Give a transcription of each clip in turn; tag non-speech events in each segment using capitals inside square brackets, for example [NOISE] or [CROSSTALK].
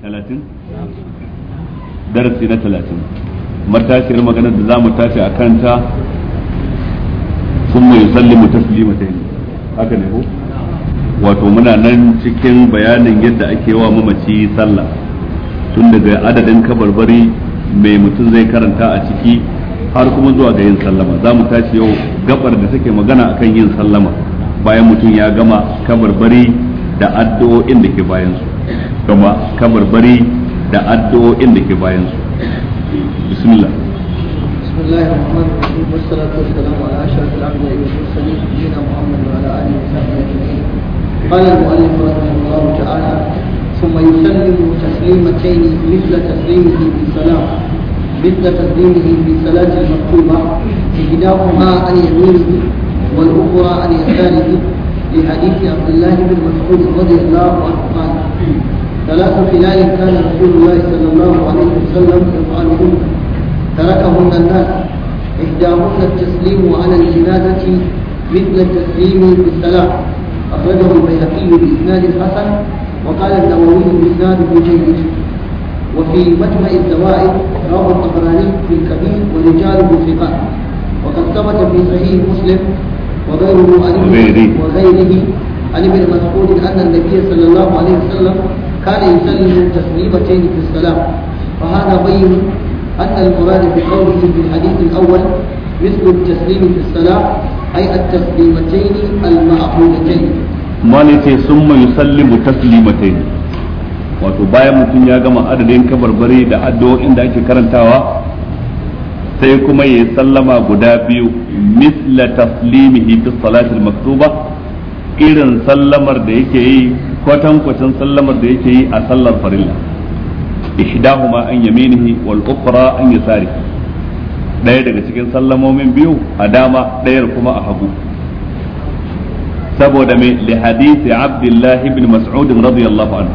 talatin darasi na talatin matashiyar maganar da za mu tashi a kanta sun mai mu taslima mata yi haka ne ko wato muna nan cikin bayanin yadda ake wa mamaci sallah tun daga adadin kabarbari mai mutum zai karanta a ciki har kuma zuwa ga yin sallama za mu tashi yau gabar da take magana akan yin sallama bayan mutum ya gama kabarbari da addu'o'in da ke bayan su kama kabarbari da addu'o'in da ke bayan su bismillah بسم الله الرحمن الرحيم والصلاة والسلام على أشرف الأنبياء والمرسلين نبينا محمد وعلى آله وصحبه أجمعين قال المؤلف رحمه الله تعالى ثم يسلم تسليمتين مثل تسليمه بالسلام مثل تسليمه بالصلاة المكتوبة إحداهما عن يمينه والأخرى عن يساره لحديث عبد الله بن مسعود رضي الله عنه قال ثلاث خلال كان رسول الله صلى الله عليه وسلم يفعلهن تركهن الناس إحداهن التسليم على الجنازة مثل التسليم بالسلام أخرجه البيهقي بإسناد حسن وقال النووي بإسناده جيد وفي مجمع الزوائد رواه الطبراني في الكبير ورجاله ثقات وقد ثبت في صحيح مسلم وغيره وغيره عن ابن مسعود أن النبي صلى الله عليه وسلم كان يسلم تسليمتين في السلام فهذا بين أن المراد بقوله في الحديث الأول مثل التسليم في السلام أي التسليمتين المعقولتين ما ثم يسلم تسليمتين wato bayan mutum ya gama adadin kabarbari da addu'o'in da ake karantawa sai kuma ya sallama guda biyu misla taslimihi fi salatil maktuba irin sallamar da yake yi kwatankwacin sallamar da yake yi a sallar farilla ihdahuma an yaminihi wal ukhra an yasari daya daga cikin sallamomin biyu a dama dayar kuma a hagu saboda mai li hadisi abdullahi ibn mas'ud radiyallahu anhu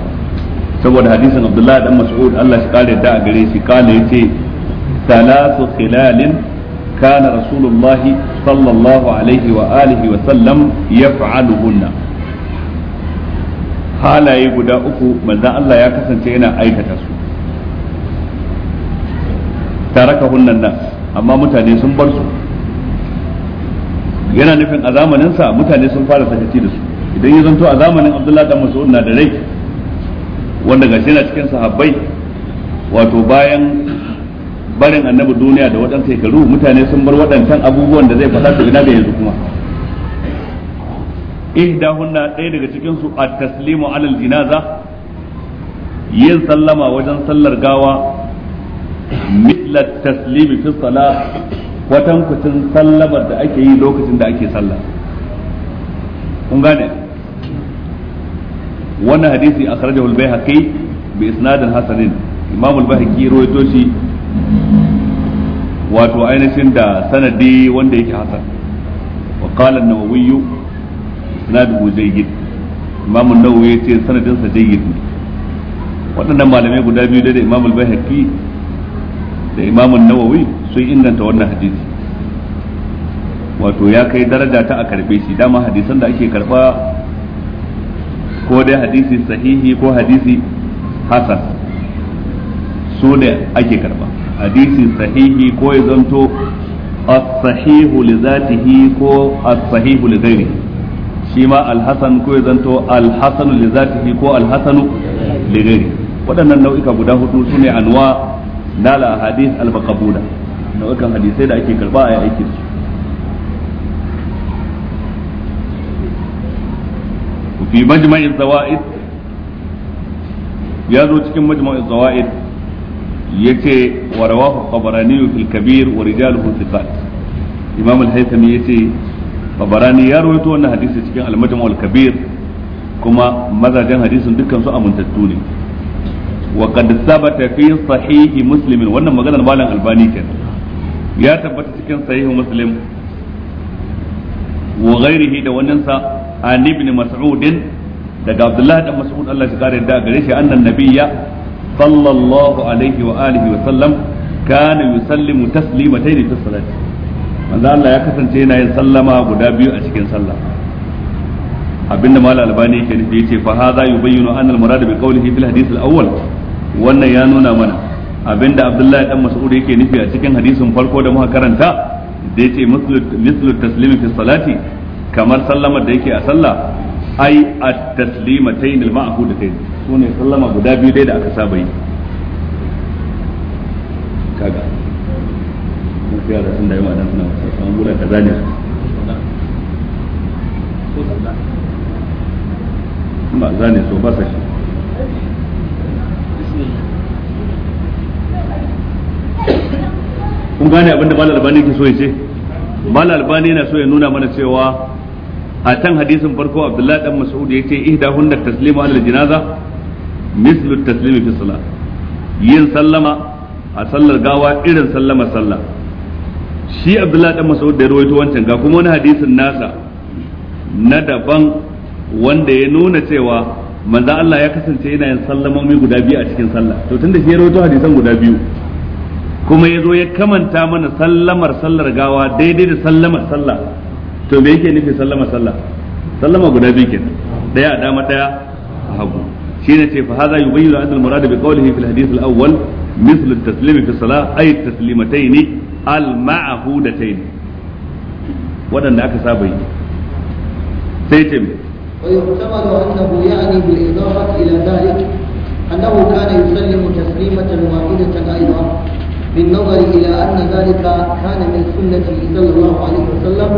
saboda hadisin abdullahi dan mas'ud Allah shi kare da a gare shi kale yace ثلاث خلال كان رسول الله صلى الله عليه وآله وسلم يفعلهن halaye guda uku manzan Allah ya kasance yana aikata su taraka hunnan nan amma mutane sun bar su yana nufin a zamaninsa mutane sun fara sakaci da su idan ya zanto a zamanin abdullahi da mas'ud na da rai wanda gashi yana cikin sahabbai wato bayan barin annabi duniya da waɗansu shekaru mutane sun bar waɗancan abubuwan da zai faɗa su ina da yanzu kuma ihdahunna ɗaya daga cikin su at-taslimu alal jinaza yin sallama wajen sallar gawa mithla taslimi fi salat watan kucin sallamar da ake yi lokacin da ake sallah kun gane wannan hadisi akhrajahu al bayhaqi bi isnadin hasanin imam al bayhaqi rawaito shi wato ainihin da sanadi wanda yake hasan wa qala an-nawawi sanaduhu jayyid imam an-nawawi yace sanadin sa jayyid ne waɗannan malamai guda biyu da imam al-baihaqi da imam an-nawawi sun inganta wannan hadisi wato ya kai daraja ta a karbe shi dama hadisan da ake karba ko dai hadisi sahihi ko hadisi hasan su ne ake karba hadisi sahihi ko ya zanto as-sahihu li zatihi ko as-sahihu li ghairihi shi ma al-hasan ko ya zanto al-hasanu li zatihi ko al-hasanu li ghairihi waɗannan nau'ika guda hudu sune anwa dala hadis al-maqbuda nau'ikan hadisai da ake karba a aiki su fi majma'in zawaid ya zo cikin majma'in zawaid yace wa rawahu tabarani fil kabir wa rijaluhu thiqat imam al-haythami yace tabarani ya rawaito wannan hadisi cikin al-majmu' al-kabir kuma mazajen hadisin dukkan su amintattu ne wa qad thabata fi sahihi muslim wannan maganar malam albani kenan ya tabbata cikin sahihi muslim wa ghairihi da wannan sa an ibn mas'ud daga abdullah da mas'ud Allah shi kare da gare shi annan nabiyya صلى الله عليه وآله وسلم كان يسلم تسليمتين في الصلاة manzo Allah ya kasance yana yin sallama guda biyu a cikin sallah abinda mal albani yake nufi yace fa hadha yubayyinu anna al murad bi qawlihi fil hadith al awwal wannan ya nuna mana abinda Abdullah dan Mas'ud yake nufi a cikin hadisin farko da muka karanta da yace mislu taslim fi salati kamar sallamar da yake a sallah ai at taslimatayn al ma'hudatayn su ne sallama guda biyu dai da aka saba yi kaga na fiya da sun da yawa dan suna wasa gula gura zane su ba zane so ba sa shi kun gane abin da malal albani ke so ya ce malal albani yana so ya nuna mana cewa a can hadisin farko abdullahi dan mas'ud ya ce ihda hunna taslima al janaza mislu taslimi fi salat yin sallama a sallar gawa irin sallamar sallah shi abdullah dan mas'ud da rawaito wancan ga kuma wani hadisin nasa na daban wanda ya nuna cewa manzo Allah ya kasance yana yin sallamomi guda biyu a cikin sallah to tunda shi ya rawaito hadisan guda biyu kuma ya zo ya kamanta mana sallamar sallar gawa daidai da sallamar sallah to me yake nufi sallamar sallah sallama guda biyu kenan daya a dama daya a hagu shine فهذا يبين hadha المراد بقوله في الحديث الأول مثل التسليم في الصلاة أي التسليمتين المعهودتين ودن أكا سابي سيتم ويحتمل أنه يعني بالإضافة إلى ذلك أنه كان يسلم تسليمة واحدة أيضا بالنظر إلى أن ذلك كان من سنته صلى الله عليه وسلم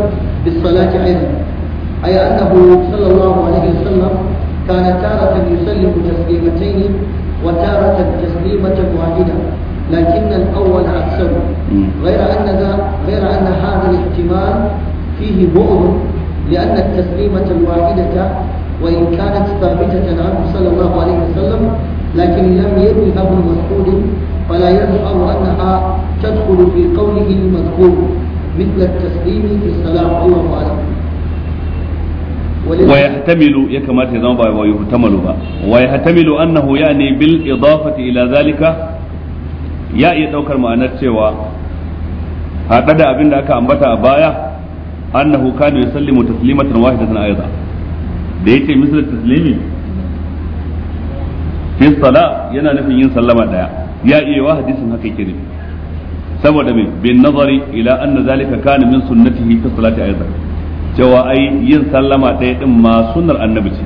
بالصلاة أيضا أي أنه صلى الله عليه وسلم كان تارة يسلم تسليمتين وتارة تسليمة واحدة لكن الأول أحسن غير أن غير أن هذا الاحتمال فيه بؤر لأن التسليمة الواحدة وإن كانت ثابتة عنه صلى الله عليه وسلم لكن لم يروها ابن مسعود فلا يظهر أنها تدخل في قوله المذكور مثل التسليم في الصلاة الله أعلم wa ya kamata ya zama ba wa yuhtamalu ba wa yahtamilu annahu yani bil idafati ila zalika ya iya daukar ma'anar cewa hada da abin da aka ambata a baya annahu kana yusallimu taslimatan wahidatan aidan da yace misal taslimi fi sala yana nufin yin sallama daya ya iya wa hadisin haka yake saboda bin nazari ila zalika kana min sunnatihi fi salati aidan cewa ai yin sallama ɗaya ɗin ma sunnar annabi ce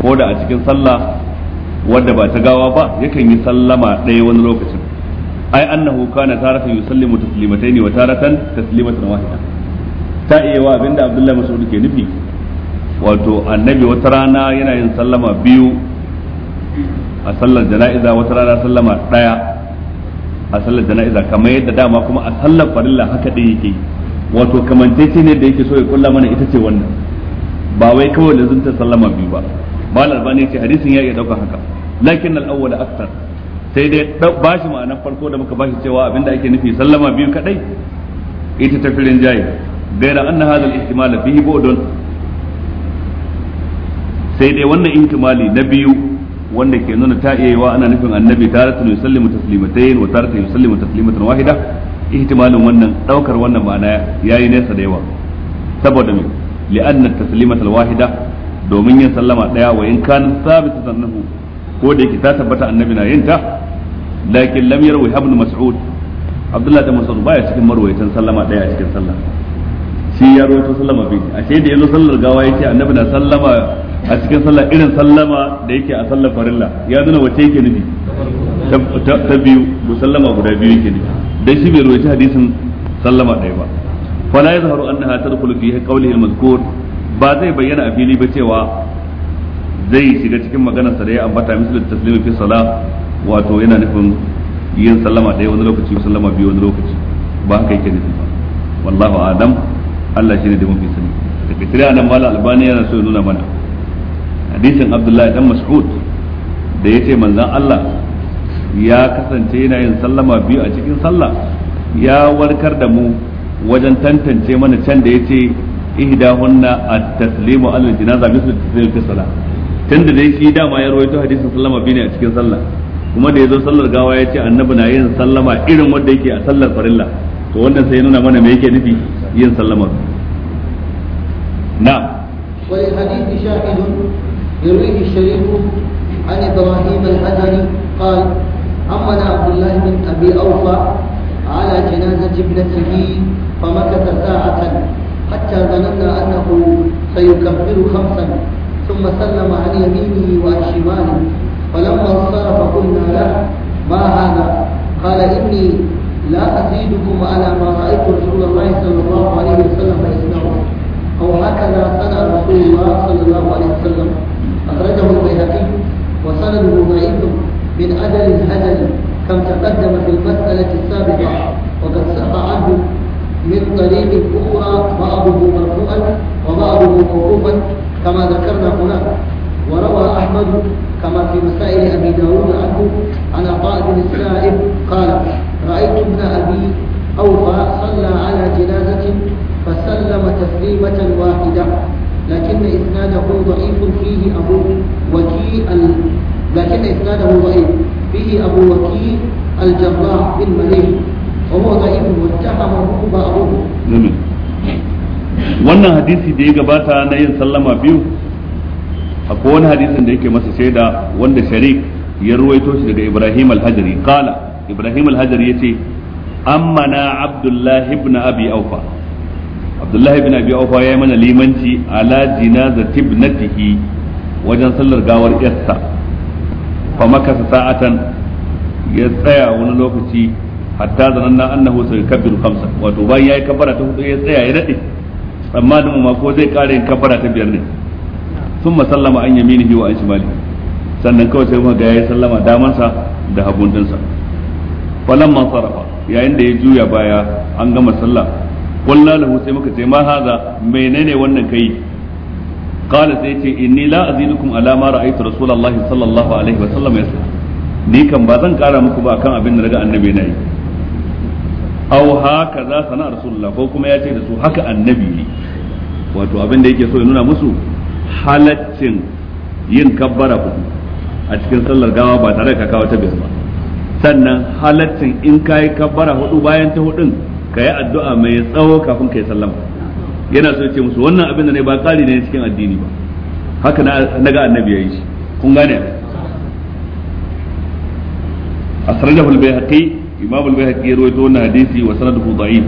ko da a cikin sallah wadda ba ta gawa ba yakan yi sallama ɗaya wani lokacin ai annahu kana taratan yusallimu taslimataini wa taratan taslimatan wahida ta iya wa abinda abdullahi mas'ud ke nufi wato annabi wata rana yana yin sallama biyu a sallar jana'iza wata rana sallama ɗaya a sallar jana'iza kamar yadda dama kuma a sallar farilla haka ɗaya yake yi wato kamantacce ne da yake so ya kulla mana ita ce wannan ba wai kawai zunta sallama biyu ba mal albani ce hadisin ya iya dauka haka lakin al-awwal akthar sai dai bashi ma'anar farko da muka bashi cewa abinda ake nufi sallama biyu kadai ita ta firin jayi gaira anna hadha al-ihtimal fihi budun sai dai wannan ihtimali na biyu wanda ke nuna ta iya yiwa ana nufin annabi taratu yusallimu taslimatayn wa taratu yusallimu taslimatan wahida ihtimalin wannan daukar wannan ma'ana yayi nesa da yawa saboda me li'anna taslimatul wahida domin yin sallama daya wa in kana thabita sannahu ko da yake ta tabbata annabi na yin ta lakin lam yarwi ibn mas'ud abdullahi da mas'ud baya cikin marwayatan sallama daya a cikin sallah shi ya rawaito sallama bi a ce da yazo sallar gawa yace annabi na sallama a cikin sallah irin sallama da yake a sallar farilla ya nuna wace yake nufi ta biyu musallama guda biyu yake ne dai shi bai rawaita hadisin sallama ɗaya ba fala yazharu annaha tadkhulu fi qawlihi al-mazkur ba zai bayyana a fili ba cewa zai shiga cikin maganar sa da ya ambata misal taslimi fi salah wato yana nufin yin sallama ɗaya wani lokaci sallama biyu wani lokaci ba haka yake nufi ba wallahu adam Allah shine da mafi sani daga tare anan mala albani yana so ya nuna mana hadisin abdullahi dan mas'ud da yace manzon Allah ya kasance yana yin sallama biyu a cikin sallah ya warkar da mu wajen tantance mana can da ya ce yace hunna a taslimu ala janaza mislu taslimu fi salah tunda dai shi dama ya rawaito hadisin sallama biyu ne a cikin sallah kuma da ya zo sallar gawa ya ce annabi na yin sallama irin wanda yake a sallar farilla to wannan sai nuna mana me yake nufi yin sallama na wa hadisi shahidun shari'u an ibrahim al-hadari qala حمل عبد الله بن أبي أوفى على جنازة ابنته فمكث ساعة حتى ظننا أنه سيكبر خمسا ثم سلم عن يمينه وعن شماله فلما انصرف قلنا له ما هذا قال إني لا أزيدكم على ما رأيت رسول الله صلى الله عليه وسلم يصنعه أو هكذا صنع رسول الله صلى الله عليه وسلم أخرجه البيهقي وسنده ضعيف من عدل هدل كم تقدم في المسألة السابقة وقد سقى عنه من طريق أخرى بعضه مرفوعا وبعضه موقوفا كما ذكرنا هنا وروى أحمد كما في مسائل أبي داود عنه عن عطاء بن السائب قال رأيت ابن أبي أوفى صلى على جنازة فسلم تسليمة واحدة لكن إسناده ضعيف فيه أبو وكي لكن إسناده ضعيف به أبو وكيل الجراح بن مليح وهو ضعيف واتهمه أبوه wannan hadisi da ya gabata na yin sallama biyu akwai wani hadisin da yake masa shaida wanda sharik ya ruwaito shi daga ibrahim al-hajari kala ibrahim al-hajari ya ce amma na abdullahi ibn abi aufa abdullahi ibn abi aufa ya yi mana limanci ala jinazati ibnatihi wajen sallar gawar yarsa fa makasa sa'atan ya tsaya wani lokaci hatta zananna annahu sayukabbiru khamsa wato bayan yayi kabbara ta hudu ya tsaya ya dade tsammanin ma ko zai kare yin kabbara ta biyar ne sun masallama an yaminihi wa an shimali sannan kawai sai kuma ga yayi sallama damansa da hagun dinsa falamma sarafa yayin da ya juya baya an gama sallah qulna lahu sai muka ce ma haza menene wannan kai qala sai yace inni la azidukum ala ma ra'aytu rasulullahi sallallahu alaihi wa sallam yasa ni ba zan kara muku ba kan abin da daga annabi na yi aw haka za sana rasulullah ko kuma ya ce da su haka annabi ne wato abin da yake so ya nuna musu halaccin yin kabbara ku a cikin sallar gawa ba tare da kawo ta ba sannan halaccin in kayi kabbara hudu bayan ta hudun kayi addu'a mai tsawo kafin kai sallama yana so ce musu wannan abin da ne ba tsari ne cikin addini ba haka na ga annabi ya yi shi kun gane asrajahu al-bayhaqi imam al-bayhaqi ya rawaito wannan hadisi wa sanaduhu da'if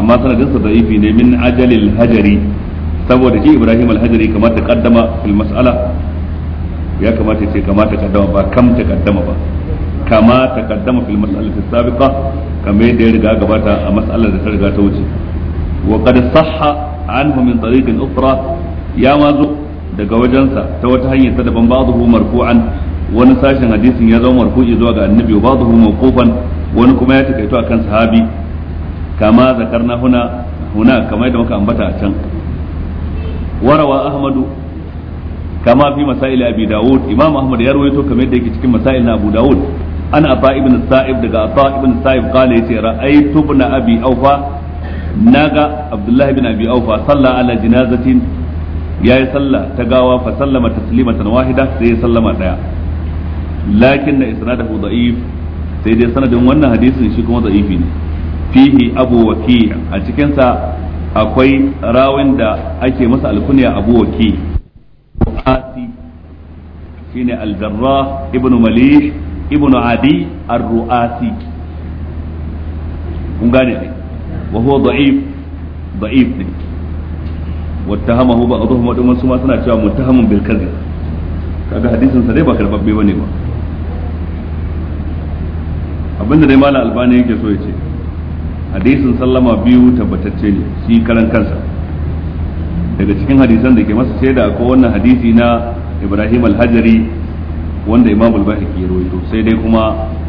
amma sanadinsa da'ifi ne min ajalil hajari saboda shi ibrahim alhajari hajari kamar ta kaddama fil mas'ala ya kamata ce kamar ta kaddama ba kam ta kaddama ba kama ta kaddama fil mas'alati sabiqa kamar yadda ya riga gabata a mas'alar da ta riga ta wuce وقد صح عنه من طريق أخرى يا مازو daga wajensa ta wata hanyar ta daban ba'dahu marfu'an wani sashen hadisin ya zama marfu'i zuwa ga annabi wa ba'dahu mawqufan wani kuma ya takaito akan sahabi kama zakarna huna huna kama yadda muka ambata a can warawa ahmadu kama fi masail abi daud imam ahmad ya rawaito kamar yadda yake cikin masail na abu daud ana ata ibn sa'ib daga ata ibn sa'ib qala yace ra'aytu ibn abi awfa naga abdullahi bin abi aufa salla ala jinazatin yayi sallah ta gawa fa sallama taslimatan wahida sai ya sallama daya lakin na isnadahu da'if sai dai sanadin wannan hadisin shi kuma da'ifi ne fihi abu waki a cikin sa akwai rawin da ake masa alkunya abu waki asi shine al-jarrah ibnu malih ibnu adi ar-ruasi kun gane ne wa huwa da'if da'if ne wattahamahu ba'dhum wa dum suma suna cewa muttahamun bil kadhib kaga hadisin sa dai ba karbabbe bane ba abinda dai malam albani yake so ya ce hadisin sallama biyu tabbatacce ne shi karan kansa daga cikin hadisan da ke masa shaida akwai wannan hadisi na Ibrahim al-Hajari wanda Imam al-Bahiki ya rawaito sai dai kuma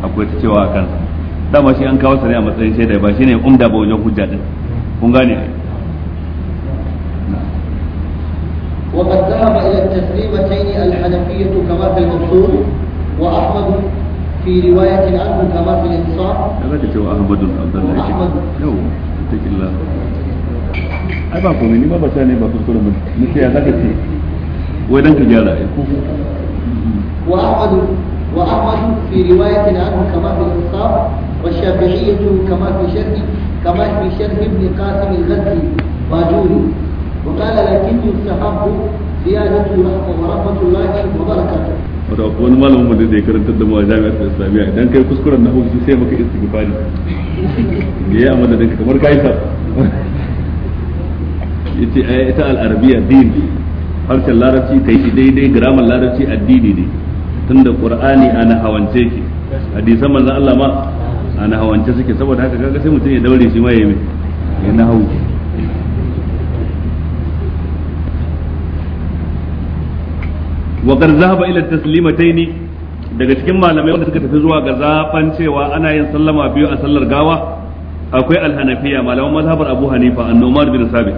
akwai ta cewa a kansa dama shi an kawo sani a matsayin shaida ba ne umda ba wajen hujja din kun gane وقد ذهب إلى التسليمتين الحنفية كما في وأحمد في رواية عنه كما في الإنصاف. أحمد عبد الله. أحمد. يوم الله. ni ne والشافعية كما في شرح كما في شرح ابن قاسم الغزي واجوري وقال لكن يستحب زيادة ورحمة الله وبركاته da wani malamin mu da karantar da mu a jami'ar islamiyya idan kai kuskuren nahu shi sai maka istighfari ne. ya amma da kamar kai sa yace ai ita al-arabiyya din harshen larabci kai shi daidai grammar larabci addini ne tunda qur'ani ana hawance ki hadisan manzon Allah ma a hawance suke saboda haka kaga sai mutum ya daure shi ma ya yi ya hau. wa qad zahaba ila taslimatayn daga cikin malamai wanda suka tafi zuwa ga zaban cewa ana yin sallama biyu a sallar gawa akwai alhanafiya malaman mazhabar abu hanifa annuman bin sabit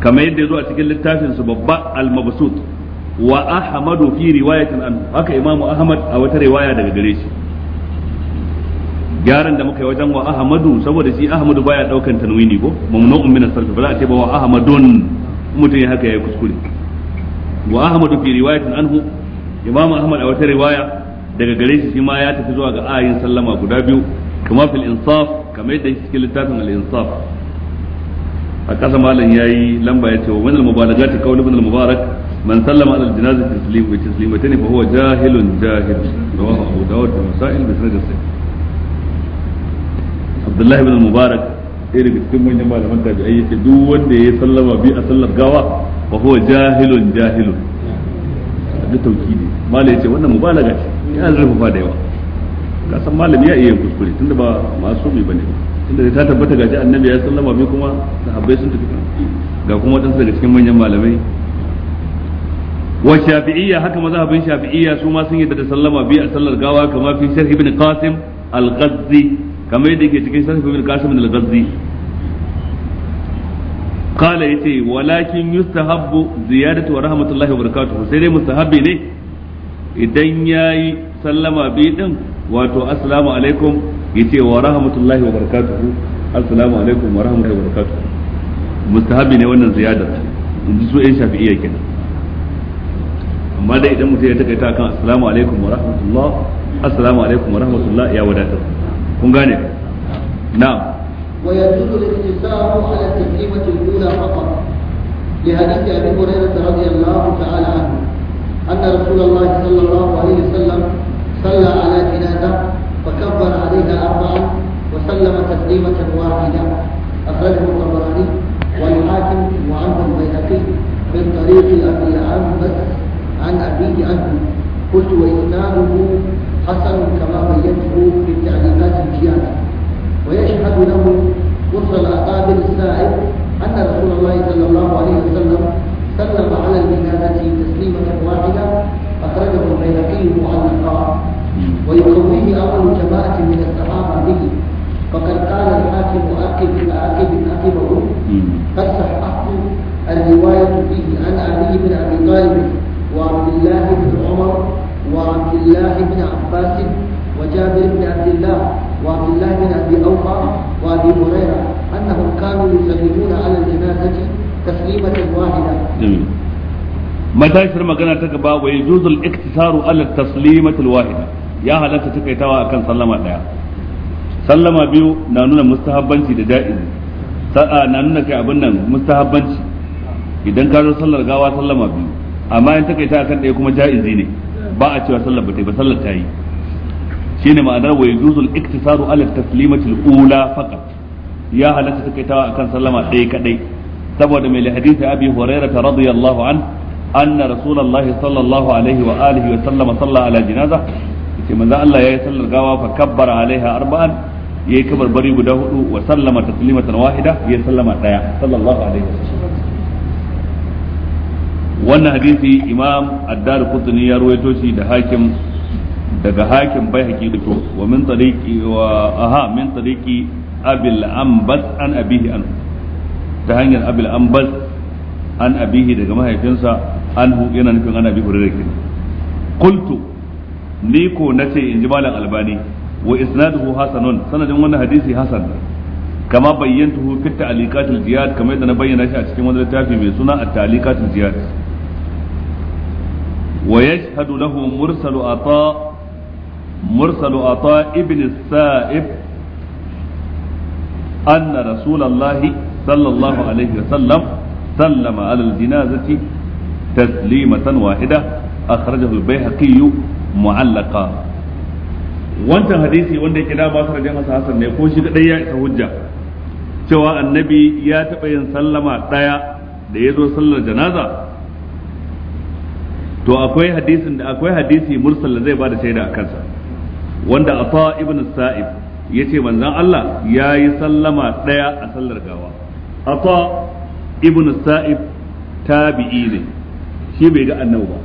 kamar yadda yazo a cikin littafin su babba al-mabsut wa ahmadu fi riwayatin an haka imamu ahmad a wata riwaya daga gare shi gyaran da muka yi wajen wa ahmadu saboda shi ahmadu baya daukan tanwini ko mamnu'un min as-sarf ba za a ce ba wa ahmadun mutum ya haka yayi kuskure wa ahmadu fi riwayatin anhu Imam ahmad a wata riwaya daga gare shi shi ma ya tafi zuwa ga ayin sallama guda biyu kuma fil insaf kamar yadda yake cikin littafin al insaf a kasa malam yayi lamba ya ce wa min al mubalagati qawl ibn al mubarak man sallama al janazati taslim wa taslimatayn fa huwa jahilun jahil rawahu abu dawud wa bi sanad sahih abdullahi ibn mubarak ɗaya daga cikin manyan malaman yace duk wanda ya sallama bi a sallar gawa fa huwa jahilun jahilun da malai yace wannan mubalaga ce da yawa ka san malami ya iya kuskure tunda ba bane tunda ta tabbata annabi ya sallama bi kuma sahabbai sun tafi ga kuma wadansu daga cikin manyan malamai wa shafi'iyya haka mazhabin shafi'iyya su ma sun yi da sallama bi a sallar gawa kamar fi sharh ibn qasim al-ghazzi kamar yadda ke cikin sarfi bin kasim al-ghazzi qala yace walakin yustahabbu ziyadatu wa rahmatullahi wa barakatuhu sai dai mustahabbi ne idan yayi sallama bi din wato assalamu alaikum yace wa rahmatullahi wa barakatuhu assalamu alaikum wa rahmatullahi wa barakatuhu mustahabbi ne wannan ziyadar in ji su ɗan shafi'iyya kenan amma dai idan mutum ya taƙaita kan assalamu alaikum wa rahmatullah assalamu alaikum wa rahmatullah ya wadatar kun gane na'am ويجوز الاقتصار على التسليمة الأولى فقط لحديث أبي هريرة رضي الله تعالى عنه أن رسول الله صلى الله عليه وسلم صلى على جنازة فكبر عليها أربعا وسلم تسليمة واحدة أخرجه الطبراني والحاكم وعنه البيهقي من طريق أبي عمبس عن أبيه عنه قلت وإسناده حسن كما بينته في التعليمات الجيانة ويشهد له قصة الأقابل السائر أن رسول الله صلى الله عليه وسلم سلم على المنانة تسليمة واحدة أخرجه البيهقي معلقا ويقويه أمر جماعة من الصحابة به فقد قال الحاكم أكب أكب أكبه قد الرواية فيه عن علي بن أبي طالب وعبد الله بن عمر وعبد الله بن عباس وجابر بن عبد الله وعبد الله بن أبي أوفى وأبي هريرة أنهم كانوا يسلمون على الجنازة تسليمة واحدة matashiyar magana ta gaba wa juzul iktisaru ala taslimatil wahida ya halatta takaitawa akan sallama daya sallama biyu na nuna mustahabbanci da ja'izi sa'a na nuna kai abin nan mustahabbanci idan ka zo sallar gawa sallama biyu amma in takaita akan daya kuma ja'izi ne ba a cewa sallar ba ta ba sallar ta yi shine ma'anar wa yuzul iktisaru ala taslimatil ula faqat ya halatta takaitawa akan sallama ɗaya kadai saboda mai hadisi abi hurairah radiyallahu an anna rasulullah sallallahu alaihi wa alihi wa sallama salla ala janaza yace manzo Allah yayi sallar gawa fa kabbara alaiha arba'an yayi kabarbari guda hudu wa sallama taslimatan wahida ya sallama daya sallallahu alaihi wa sallam wannan hadisi imam addar kutuni ya ruwaito shi da hakim daga hakim bai haƙi da wa min tariqi wa aha min tariqi abil ambas an abihi an ta hanyar abil ambas an abihi daga mahaifinsa an hu yana nufin an abi hurairah kenan qultu ni ko nace inji malam albani wa isnaduhu hasanun sanadin wannan hadisi hasan kama bayyantuhu fi ta'liqatil jihad kamar yadda na bayyana shi a cikin wani littafi mai suna at-ta'liqatil jihad ويشهد له مرسل عطاء مرسل عطاء ابن السائب أن رسول الله صلى الله عليه وسلم سلم على الجنازة تسليمة واحدة أخرجه البيهقي معلقا wancan hadisi wanda yake da ba su rajin hasa hasan ne ko shi kadai ya isa hujja cewa annabi ya taɓa yin sallama ɗaya da ya zo sallar janaza to akwai hadisin da akwai hadisi mursal da zai bada shaida a kansa wanda fa ibn sa'ib yace manzon Allah ya yi sallama daya a sallar gawa fa ibn sa'ib tabi'i ne shi bai ga annabi ba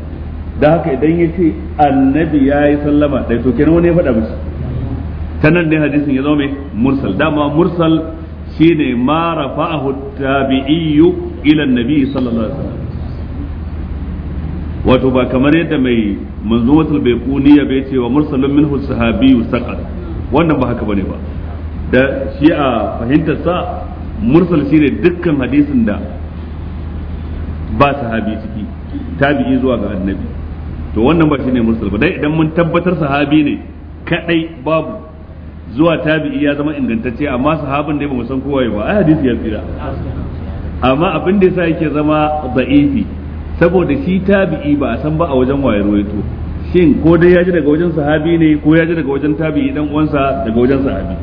da haka idan yace annabi ya yi sallama ɗaya, to kenan wani ya faɗa mishi tanan ne hadisin ya zama mai mursal dama mursal shine ma rafa'ahu tabi'iyyu ila annabi sallallahu alaihi wasallam wato ba kamar yadda mai manzumatul bai kuniya bai ce wa mursalun minhu sahabi saqat wannan ba haka bane ba da shi a fahimtar sa mursal shine dukkan hadisin da ba sahabi ciki tabi'i zuwa ga annabi to wannan ba shine mursal ba dai idan mun tabbatar sahabi ne kadai babu zuwa tabi'i ya zama ingantacce amma sahabin dai ba mu san kowa ba ai hadisi ya tsira amma abin da yasa yake zama da'ifi saboda shi tabi'i ba a san ba a wajen waye ruwaito shin ko dai ya ji daga wajen sahabi ne ko ya ji daga wajen tabi'i dan uwansa daga wajen sahabi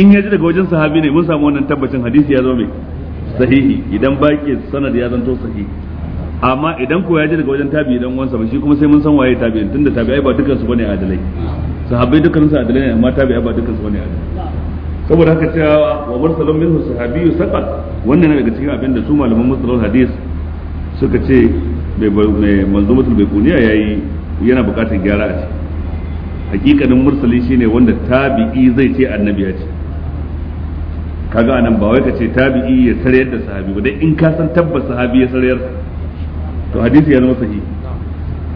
in ya ji daga wajen sahabi ne mun samu wannan tabbacin hadisi ya zo mai sahihi idan baki sanad ya zanto sahihi amma idan ko ya ji daga wajen tabi'i dan uwansa ba shi kuma sai mun san waye tabi'in tunda tabi'ai ba dukkan su bane adalai sahabbai dukkan su adalai ne amma tabi'ai ba dukkan su bane adalai saboda haka cewa wa mursalun minhu sahabiyyu saqat wannan ne daga cikin abin da su malaman musalul hadis suka ce mai manzumatul bai kuniya yi yana bukatar gyara a ce hakikanin mursali shine wanda tabi'i zai ce annabi ya ce kaga anan ba wai ka ce tabi'i ya sarayar da sahabi ba dai in ka san tabbas sahabi ya sarayar to hadisi ya zama sahihi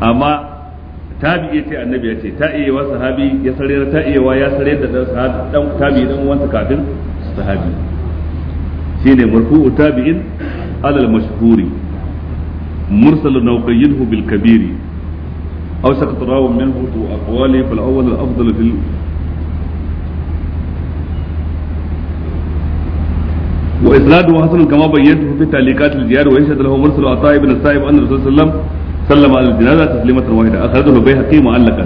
amma tabi'i ya ce annabi ya ce ta'iyewa sahabi ya sarayar ta'iyewa ya sarayar da dan tabi'i dan wanda kafin sahabi shine marfu'u tabi'in alal mashhuri مرسل نقيده بالكبير أو شق تراو منه ذو أقوال فالأول الأفضل في وإسناده حسن كما بينته في تعليقات الزيارة ويشهد له مرسل عطاء بن السائب أن الرسول صلى الله عليه وسلم سلم على الجنازة تسليمة واحدة أخرجه بيهقي معلقا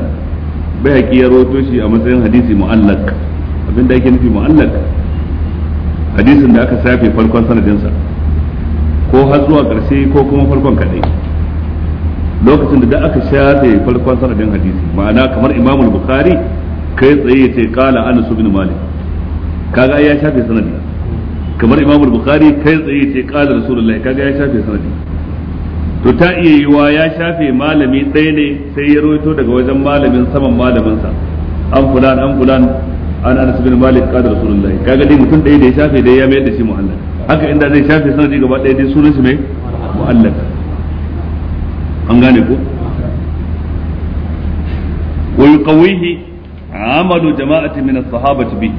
بيهقي يروي شيء أمثلين حديث معلق أبين da yake معلق حديث hadisin da aka safe سنة sanadinsa ko har zuwa ƙarshe ko kuma farkon kaɗai lokacin da aka shafe farkon sanadin hadisi ma'ana kamar imamul bukhari kai tsaye ya ce kala anas ibn malik kaga ya shafe sanadi kamar imamul bukhari kai tsaye ya ce kala rasulullahi kaga ya shafe sanadi to ta iya yiwa ya shafe malami ɗaya ne sai ya roito daga wajen malamin saman malaminsa an fulan an fulan an anas ibn malik kala rasulullahi kaga dai mutum ɗaya da ya shafe dai ya mayar da shi muhammad haka inda zai shafe sanadi gaba ɗaya dai sunan shi mai mu'allaf an gane ko wa yuqawihi amalu jama'ati min as-sahabati bi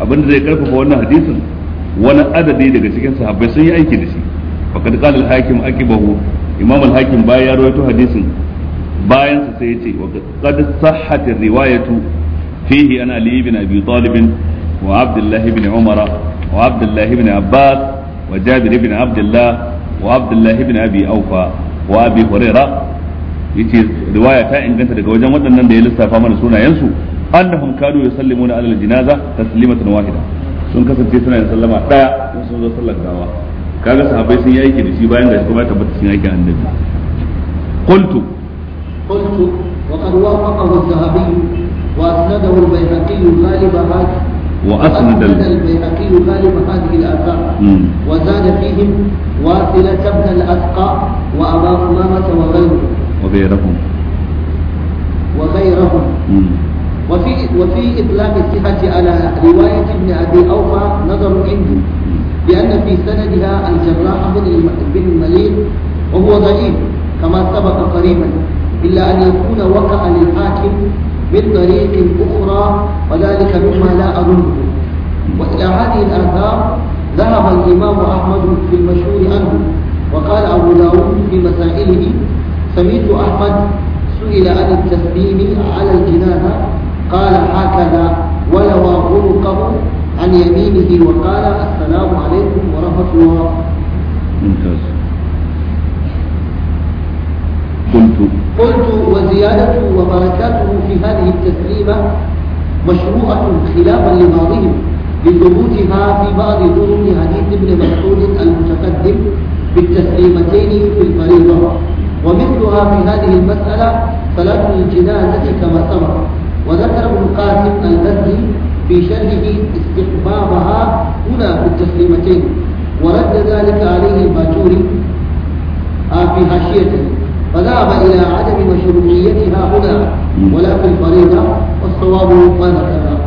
abinda zai karfafa wannan hadisin wani adadi daga cikin sahabbai sun yi aiki da shi faqad qala al-hakim aqibahu imam al-hakim bayan ya rawaito hadisin bayan sa sai yace wa qad sahhat riwayatu fihi ana ali ibn abi talib wa abdullah ibn umara وعبد الله بن عباس وجابر بن عبد الله وعبد الله بن أبي أوفى وأبي هريرة yace riwaya ta inganta daga wajen waɗannan da ya lissafa mana sunayensu annahum kanu yusallimuna ala aljinaza taslimatan wahida sun kasance suna yin sallama daya in sun zo sallar gawa kaga sahabbai sun yi aiki da shi bayan gashi kuma ya tabbata sun yi aikin annabi qultu qultu wa qad wafaqahu az wa asnadahu al-bayhaqi ghaliban وأسند البيهقي غالب هذه الآثار وزاد فيهم واصلة بن الأسقى وأبا أمامة وغيره وغيرهم وغيرهم وفي وفي إطلاق الصحة على رواية ابن أبي أوفى نظر عندي بان في سندها الجراح بن المليك وهو ضعيف كما سبق قريبا إلا أن يكون وقع للحاكم من طريق أخرى وذلك مما لا أظنه وإلى هذه الآثار ذهب الإمام أحمد في المشهور عنه وقال أبو داود في مسائله سمعت أحمد سئل عن التسليم على الجنازة قال هكذا ولوى عنقه عن يمينه وقال السلام عليكم ورحمة الله ممتاز قلت قلت وزيادته وبركاته في هذه التسليمة مشروعة خلافا لبعضهم لثبوتها في بعض طرق حديث ابن مسعود المتقدم بالتسليمتين في الفريضة ومثلها في هذه المسألة صلاة الجنازة كما سبق وذكر ابن القاسم الغزي في شرحه استحبابها هنا في التسليمتين ورد ذلك عليه الباتوري في حاشيته فذهب إلى عدم مشروعيتها هنا ولكن فريضة والصواب ما ذكر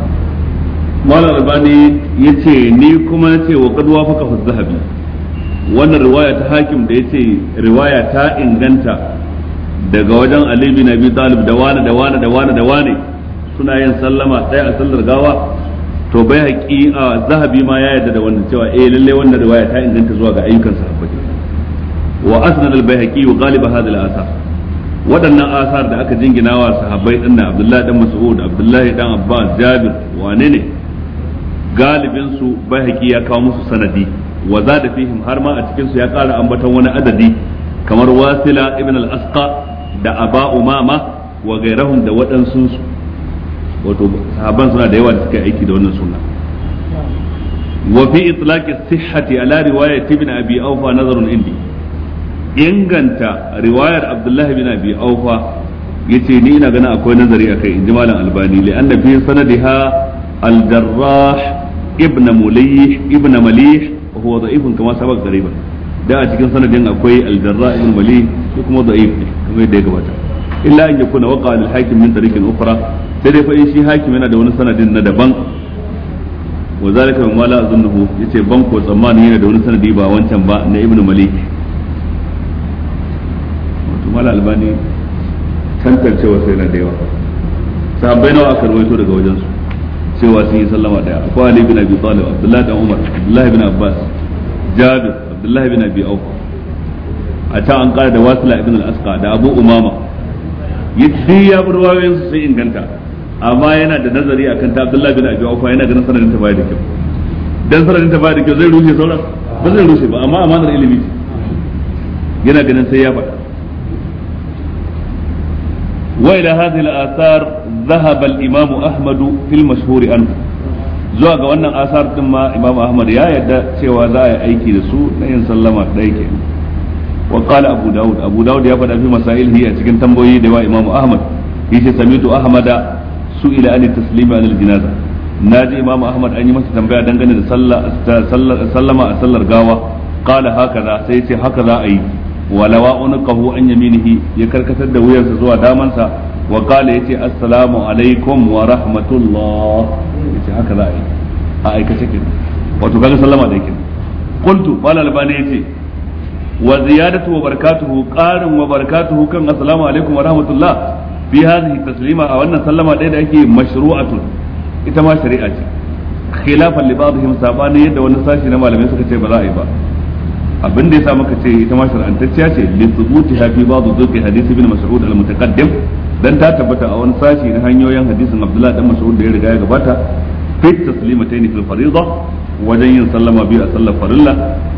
Malar Albani ya ce ni kuma ya ce wa kaduwa faka zahabi wannan riwaya ta hakim da ya ce riwaya ta inganta daga wajen Ali bin biyu Talib da wani da wani da wani da wani suna yin sallama ɗaya a sallar gawa to bai haƙi a zahabi ma ya yarda da wannan cewa eh lallai wannan riwaya ta inganta zuwa ga ayyukan sahabbai wa asnad al-baihaqi wa ghalib hadha al waɗannan asar da aka jingina wa sahabbai din nan Abdullahi dan Mas'ud Abdullahi dan Abbas Jabir wane ne galibin su baihaqi ya kawo musu sanadi wa zada fihim har ma a cikin su ya ƙara ambaton wani adadi kamar Wasila ibn al-Asqa da Aba Umama wa gairahum da waɗansu su wato sahabban suna da yawa da suka aiki da wannan sunna wa fi itlaqi sihhati ala riwayati ibn abi awfa nazarun indi inganta riwayar abdullahi bin abi aufa yace ni ina ganin akwai nazari akai ji malam albani li anna fi sanadiha al-jarrah ibn mulih ibn malih huwa da'ifun kama sabaq qariba da a cikin sanadin akwai al-jarrah ibn malih ko kuma da'if kamar yadda ya gabata illa an yakuna waqa al-hakim min tariqin ukhra sai dai fa in shi hakim yana da wani sanadin na daban wa zalika mimma la azunnahu yace banko tsammanin yana da wani sanadi ba wancan ba na ibn malih mala albani tantancewa sai na da yawa sahabbai nawa aka rawaito daga wajen su cewa sun yi sallama daya akwai ali bin abi talib abdullahi bin umar abdullahi bin abbas jabir abdullahi bin abi auf a can an kara da wasila ibn al-asqa da abu umama yadda ya bar wayoyin su sun inganta amma yana da nazari akan ta abdullahi bin abi auf yana ganin sanadin ta bai da kyau dan sanadin ta bai da kyau zai rushe sauran ba zai rushe ba amma amanar ilimi yana ganin sai ya faɗa وإلى هذه الآثار ذهب الإمام أحمد في المشهور عنه zuwa ga wannan asar din ma Imam Ahmad ya yadda cewa za a yi aiki da su na yin sallama da yake wa qala Abu Dawud Abu Dawud ya faɗa fi masail hi a cikin tambayoyi da wa Imam Ahmad yace samitu Ahmada su'ila an taslima al janaza naji Imam Ahmad an yi masa tambaya dangane da sallah sallama a sallar gawa qala hakaza sai yace haka za a yi walawa unqahu an yaminihi ya karkatar da wuyarsa zuwa damansa wa qala yace assalamu alaikum wa rahmatullah yace haka za a yi a aikace kin wato kaga sallama da kin qultu qala albani yace wa ziyadatu wa barakatuhu qarin wa barakatuhu kan assalamu alaikum wa rahmatullah bi hadhihi taslima a wannan sallama ɗaya da ake mashru'atun ita ma shari'a ce khilafan li sabani yadda wani sashe na malamai suka ce ba za a yi ba abin da ya sa maka ce ita ma shar'antacciya ce li thubuti ha fi ba'd dhuqi hadith ibn mas'ud al-mutaqaddim dan ta tabbata a wani sashi na hanyoyin hadisin abdullahi dan Mas'ud da ya riga ya gabata fi taslimataini fil fariḍa wajen yin sallama biyu a sallar farilla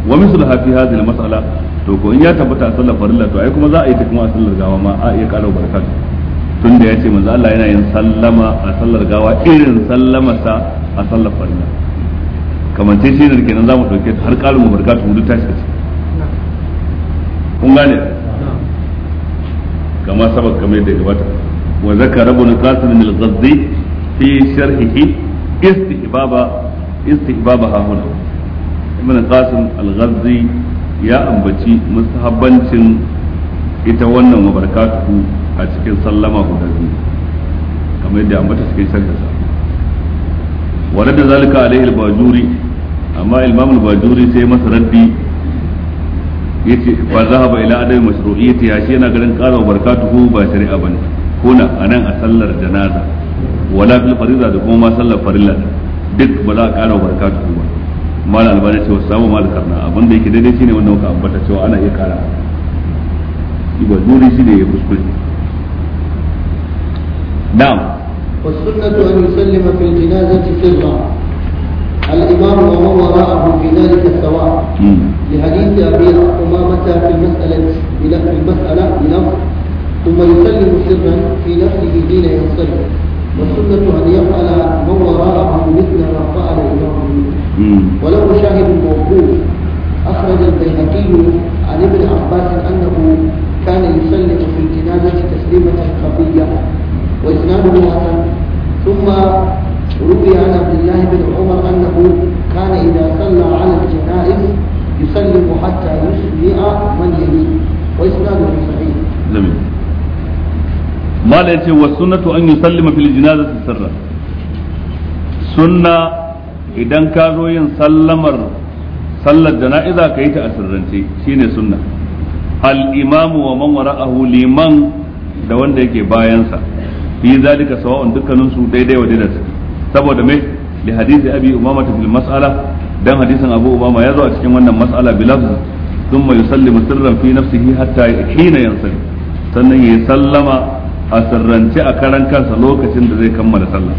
wa ha fi hadhihi al-mas'ala to ko in ya tabbata a sallar farilla to ai kuma za a yi ta kuma a sallar gawa ma a iya karo barka tun da ya ce manzo Allah yana yin sallama a sallar gawa irin sallamarsa a sallar farilla kamar sai shi ne kenan za mu ɗauke har ƙarin mu barka mu duk tashi kun gane kama sabak kamar yadda gabata wa zakara ibn qasim al-ghazzi fi sharhihi istihbaba istihbaba ha huna ibn qasim al-ghazzi ya ambaci mustahabbancin ita wannan wabarakatuhu a cikin sallama guda biyu kamar yadda ambata cikin sharhinsa wa radda zalika alaihi al-bajuri amma imam al-bajuri sai masa raddi yace fa zahaba ila adam mashru'iyyati ya shi yana garin qara wa barakatuhu ba shari'a bane kuna anan a sallar janaza wala fil fariza da kuma ma sallar farilla duk ba za a qara wa barakatuhu ba mal albani cewa samu mal karna abin da yake daidai shine wannan ka ambata cewa ana iya qara ba dole shi ne ya kuskure na'am والسنة أن يسلم في الجنازة سرا الإمام ومن وراءه في ذلك سواء بحديث أبي أمامة في المسألة في المسألة بلفظ ثم يسلم سرا في نفسه حين ينصرف والسنة أن يفعل من وراءه مثل ما فعل ولو وله شاهد موقوف أخرج البيهقي عن ابن عباس أنه كان يسلم في الجنازة تسليمة خفية وإسناده حسن ثم روي عن عبد الله بن عمر أنه كان إذا صلى على الجنائز يسلم حتى يسمع من يليه وإسناده صحيح جميل ما لا يتي والسنة أن يسلم في الجنازة سرا سنة idan ka zo yin sallamar sallar jana'iza ka yi ta a sirrance shine sunna al imamu wa man wara'ahu liman da wanda yake bayansa fi zalika sawa'un dukkanin su daidai wa daidai saboda mai li hadisi abi umama fil mas'ala dan hadisin Abu ubama ya zo a cikin wannan mas'ala bilaz thumma yusallimu sirran fi nafsihi hatta hina yansalim sannan ya sallama a sirrance a karan kansa lokacin da zai kammala sallah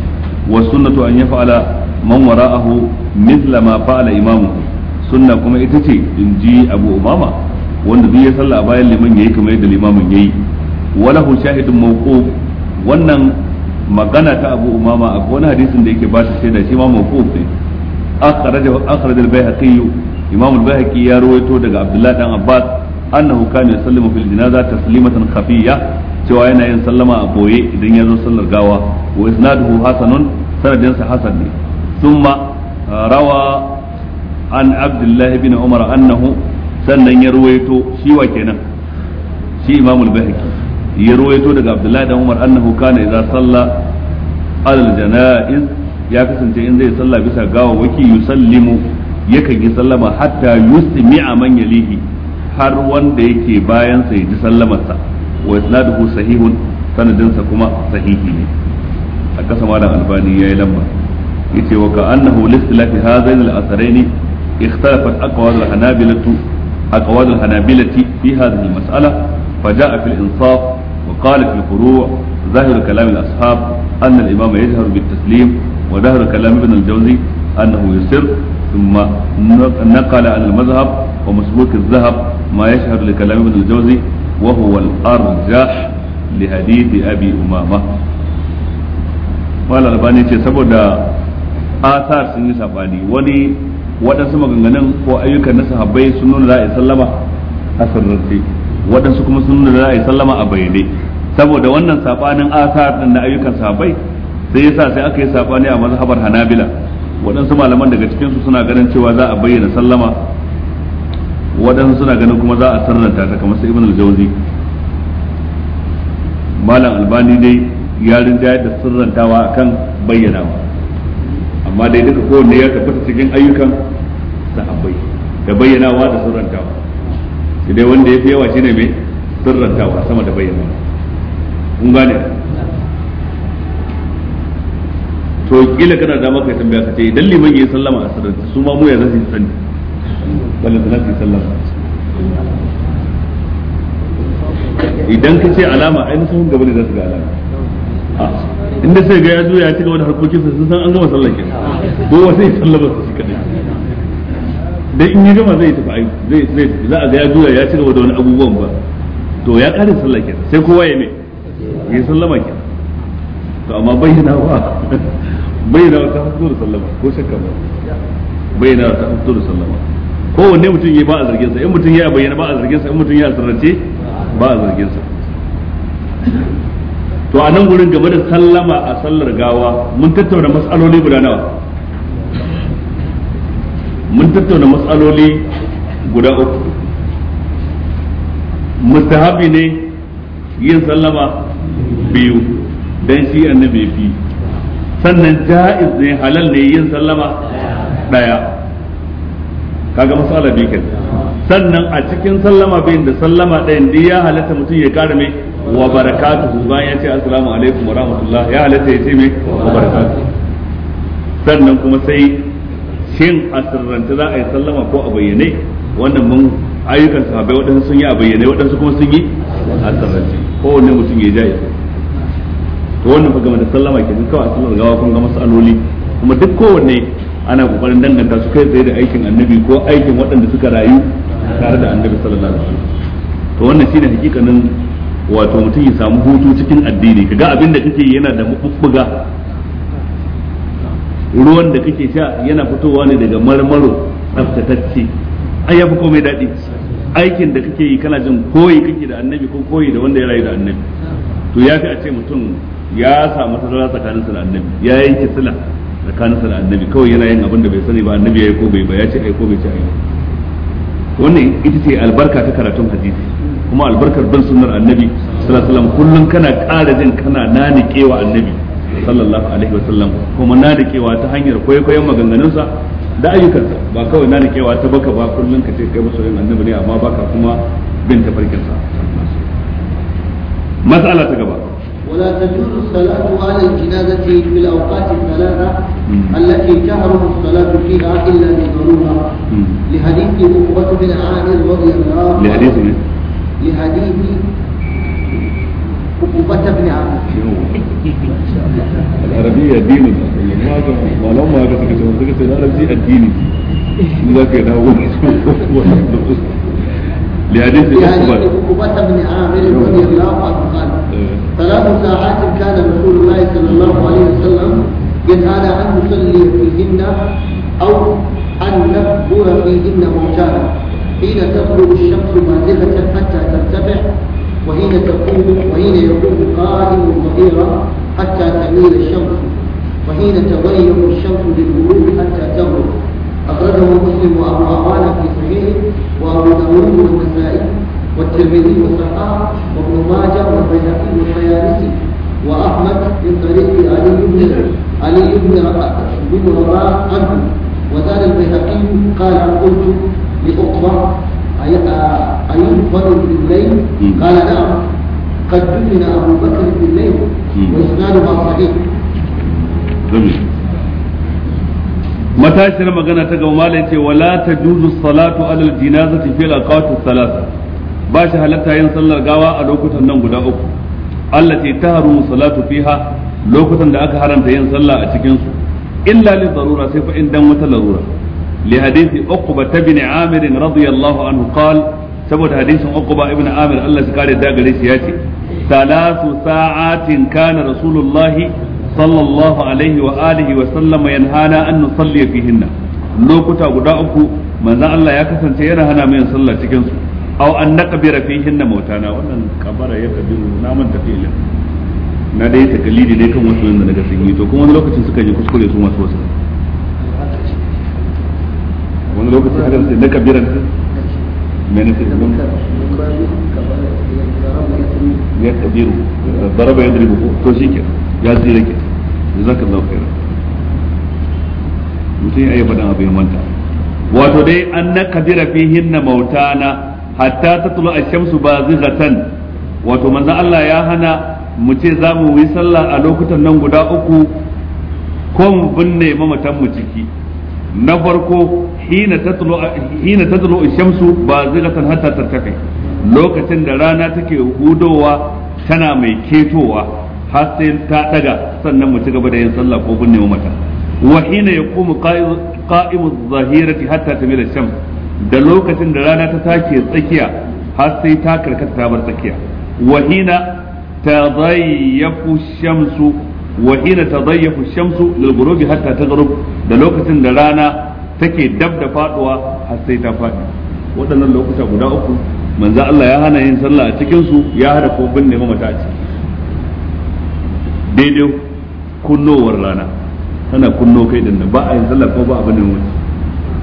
wa sunnatu an yaf'ala man wara'ahu mithla ma fa'ala imamuhu sunna kuma ita ce in ji Abu Umama wanda duk ya a bayan liman yayi kamar yadda limamin yayi walahu shahidun mawquf wannan magana ta Abu Umama a wani hadisin da yake ba shi shaida shi ma mawquf ne akhrajahu akhraj al-baihaqi imam al-baihaqi ya rawaito daga abdullah dan abbas annahu kana yusallimu fil janaza taslimatan khafiyya cewa yana yin sallama a boye idan ya zo gawa wa isnaduhu hasanun sanadinsa hasan ne thumma rawa an abdullah ibn umar annahu sannan ya rawaito shi wa kenan shi imam al-baihaqi ya rawaito daga abdullah dan umar annahu janaiz ya kasance in zai sallah bisa gawawaki yusallimu yakan yi sallama hatta yusmi'a man yalihi har wanda yake bayan sa ji sallamarsa wa isnaduhu sahihun sanadinsa kuma sahihi ne a kasa malam albani yayi lamba yace wa ka'annahu listilafi hadain al-atharaini اختلفت أقوال الحنابلة أقوال الحنابلة في هذه المسألة فجاء في الإنصاف وقال في الفروع ظاهر كلام الأصحاب أن الإمام يجهر بالتسليم وظاهر كلام ابن الجوزي أنه يسر ثم نقل عن المذهب ومسبوك الذهب ما يشهر لكلام ابن الجوزي وهو الأرجح لحديث أبي أمامة قال الباني آثار سنة ولي waɗansu maganganun ko ayyukan na sahabbai sun nuna za a yi sallama a sirrance waɗansu kuma sun nuna za a yi sallama a bayyane saboda wannan sabanin asar na ayyukan sahabbai sai yasa sai aka yi sabani a mazhabar hanabila waɗansu malaman daga cikin su suna ganin cewa za a bayyana sallama waɗansu suna ganin kuma za a sarranta ta kamar sai ibn al-jawzi malam albani dai ya rinjayar da sirrantawa akan bayyanawa amma dai duka kowanne ya tabbata cikin ayyukan sahabbai da bayyanawa da sirrantawa dai wanda ya fi yawa shine mai sirrantawa sama da bayyanawa kun gane to kila kana da maka tambaya ka ce dan liman yayi sallama a sirri su ma mu ya zai sani wala da nafi sallama idan ka ce alama ai san gaba ne za su ga alama ah, inda sai ga ya zo ya cika wani harkokin sa sun san an gama sallar kin ko wa sai sallama su kada dan in ya gama zai tafi ai zai zai za a ga ya zo ya cika wani wani abubuwan ba to ya kare sallar kin sai kowa ya me ya sallama kin to amma bayyana wa bayyana ta hasu da sallama ko shakka ba bayyana ta hasu da sallama kowanne mutum yayi ba a zargin sa in mutum ya bayyana ba a zargin sa in mutum ya sarrace ba a zargin sa to a nan gurin game da sallama a sallar gawa mun tattauna matsaloli guda nawa mun tattauna matsaloli guda uku mustahabi ne yin sallama biyu dan shi annabi bi. sannan ja'iz ne halal ne yin sallama daya kaga masala bi kai sannan a cikin sallama bayin da sallama ɗayan da ya halatta mutum ya kare mai wa barakatuhu ba ya ce assalamu alaikum wa rahmatullah ya halatta ya ce mai wa barakatuhu sannan kuma sai shin a sirrance za a yi sallama ko a bayyane wannan mun ayyukan sahabbai waɗansu sun yi a bayyane waɗansu kuma sun yi a sirrance kowanne mutum ya jaiz wannan fa game da sallama ke duk kawai sallar gawa kun ga masaloli kuma duk kowanne ana kokarin danganta su kai tsaye da aikin annabi ko aikin waɗanda suka rayu tare da annabi sallallahu alaihi wasallam to wannan shine hakikanin wato mutum ya samu hutu cikin addini kaga abin da kake yana da mabubbuga ruwan da kake sha yana fitowa ne daga marmaro tsaftatacce ai yafi komai daɗi aikin da kake yi kana jin koyi kake da annabi ko koyi da wanda ya rayu da annabi to ya fi a ce mutum ya samu sarara tsakanin sa da annabi ya yanke sila tsakanin sa da annabi kawai yana yin abin da bai sani ba annabi ya yi ko bai ba ya ce ai ko bai ce ai wannan ita ce albarka ta karatun hadisi kuma albarkar bin sunnar annabi sallallahu kullum kana ƙara jin kana nanikewa annabi sallallahu alaihi wa sallam kuma nanikewa ta hanyar kwaikwayon maganganunsa da ayyukansa ba kawai nanikewa ta baka ba kullum ka ce kai masoyin annabi ne amma baka kuma bin tafarkinsa mas'ala ta gaba ولا تجوز الصلاة على الجنازة في الأوقات الثلاثة التي تحرم الصلاة فيها إلا بضرورة لحديث أخوة بن عامر رضي الله عنه لحديث من؟ لحديث عقبة بن عامر العربية دين ولو ما قلت لك العربية الدين لكن هو لحديث عقبة بن عامر رضي الله عنه قال ثلاث ساعات كان رسول الله صلى الله عليه وسلم ينهانا أن نصلي فيهن أو أن نكبر فيهن موتانا حين تغرب الشمس بازغة حتى ترتفع وحين تقوم وحين يقوم قائم الظهيرة حتى تميل الشمس وحين تغير الشمس للغروب حتى تغرب أخرجه مسلم وأبو عوانة في صحيحه وأبو داود والنسائي والترمذي والصحاح وابن ماجه والبيهقي والطيالسي واحمد من طريق علي بن علي بن بن رباح عنه وزاد البيهقي قال قلت لأقبع أيقبل آه، في الليل؟ قال نعم قد دفن أبو بكر في الليل وإسنادها صحيح. متى magana ta gaba ولا تجوز الصلاة على الجنازة في الأوقات الثلاثة. ba shi halatta yin sallar gawa a lokutan nan guda uku allati tahrumu salatu fiha lokutan da aka haramta yin sallah a cikin su illa li sai fa in dan wata larura li hadisi uqba ibn amir radiyallahu anhu qala saboda hadisin uqba ibn amir Allah ya kare da gare shi yace salatu sa'atin kana rasulullahi sallallahu alaihi wa alihi wa sallama yanhana an nusalli fihinna lokuta guda uku manzon Allah ya kasance yana hana mu yin sallah cikin su aw an naqbira fihin na mautana wannan kabara ya kabiru na manta fi'ilin na dai ta kalidi dai kan wasu da daga sun yi to kuma wani lokacin suka yi kuskure su masu wasu wani lokacin haka sai na kabira me ne sai zama ya kabiru baraba ya dribu to shi ke ya zira ke zaka khairan mutum ya yi faɗin abu ya manta wato dai an na kabira fihin na mautana hatta tulo a shamsu zigatan wato manzo Allah ya hana mu ce za mu yi sallah a lokutan nan guda uku ko mu binne mamatan mu ciki na farko hina ta tulo a shamsu ba zigatan hatta tartafi lokacin da rana take hudowa tana mai ketowa har sai ta daga sannan mu ci gaba da yin sallah ko binne mamata wa hina yaqumu qa'imu adh hatta tamila shams da lokacin da rana ta take tsakiya har sai ta karkata ta bar tsakiya wahina tadayyafu shamsu wahina tadayyafu shamsu lil ghurubi hatta taghrub da lokacin da rana take dab da faduwa har sai ta fadi waɗannan lokuta guda uku manzo Allah ya hana yin sallah a cikin su ya hada ko binne mamata a ciki daidai kunnowar rana tana kunno kai din ba a yin sallah ko ba a binne mamata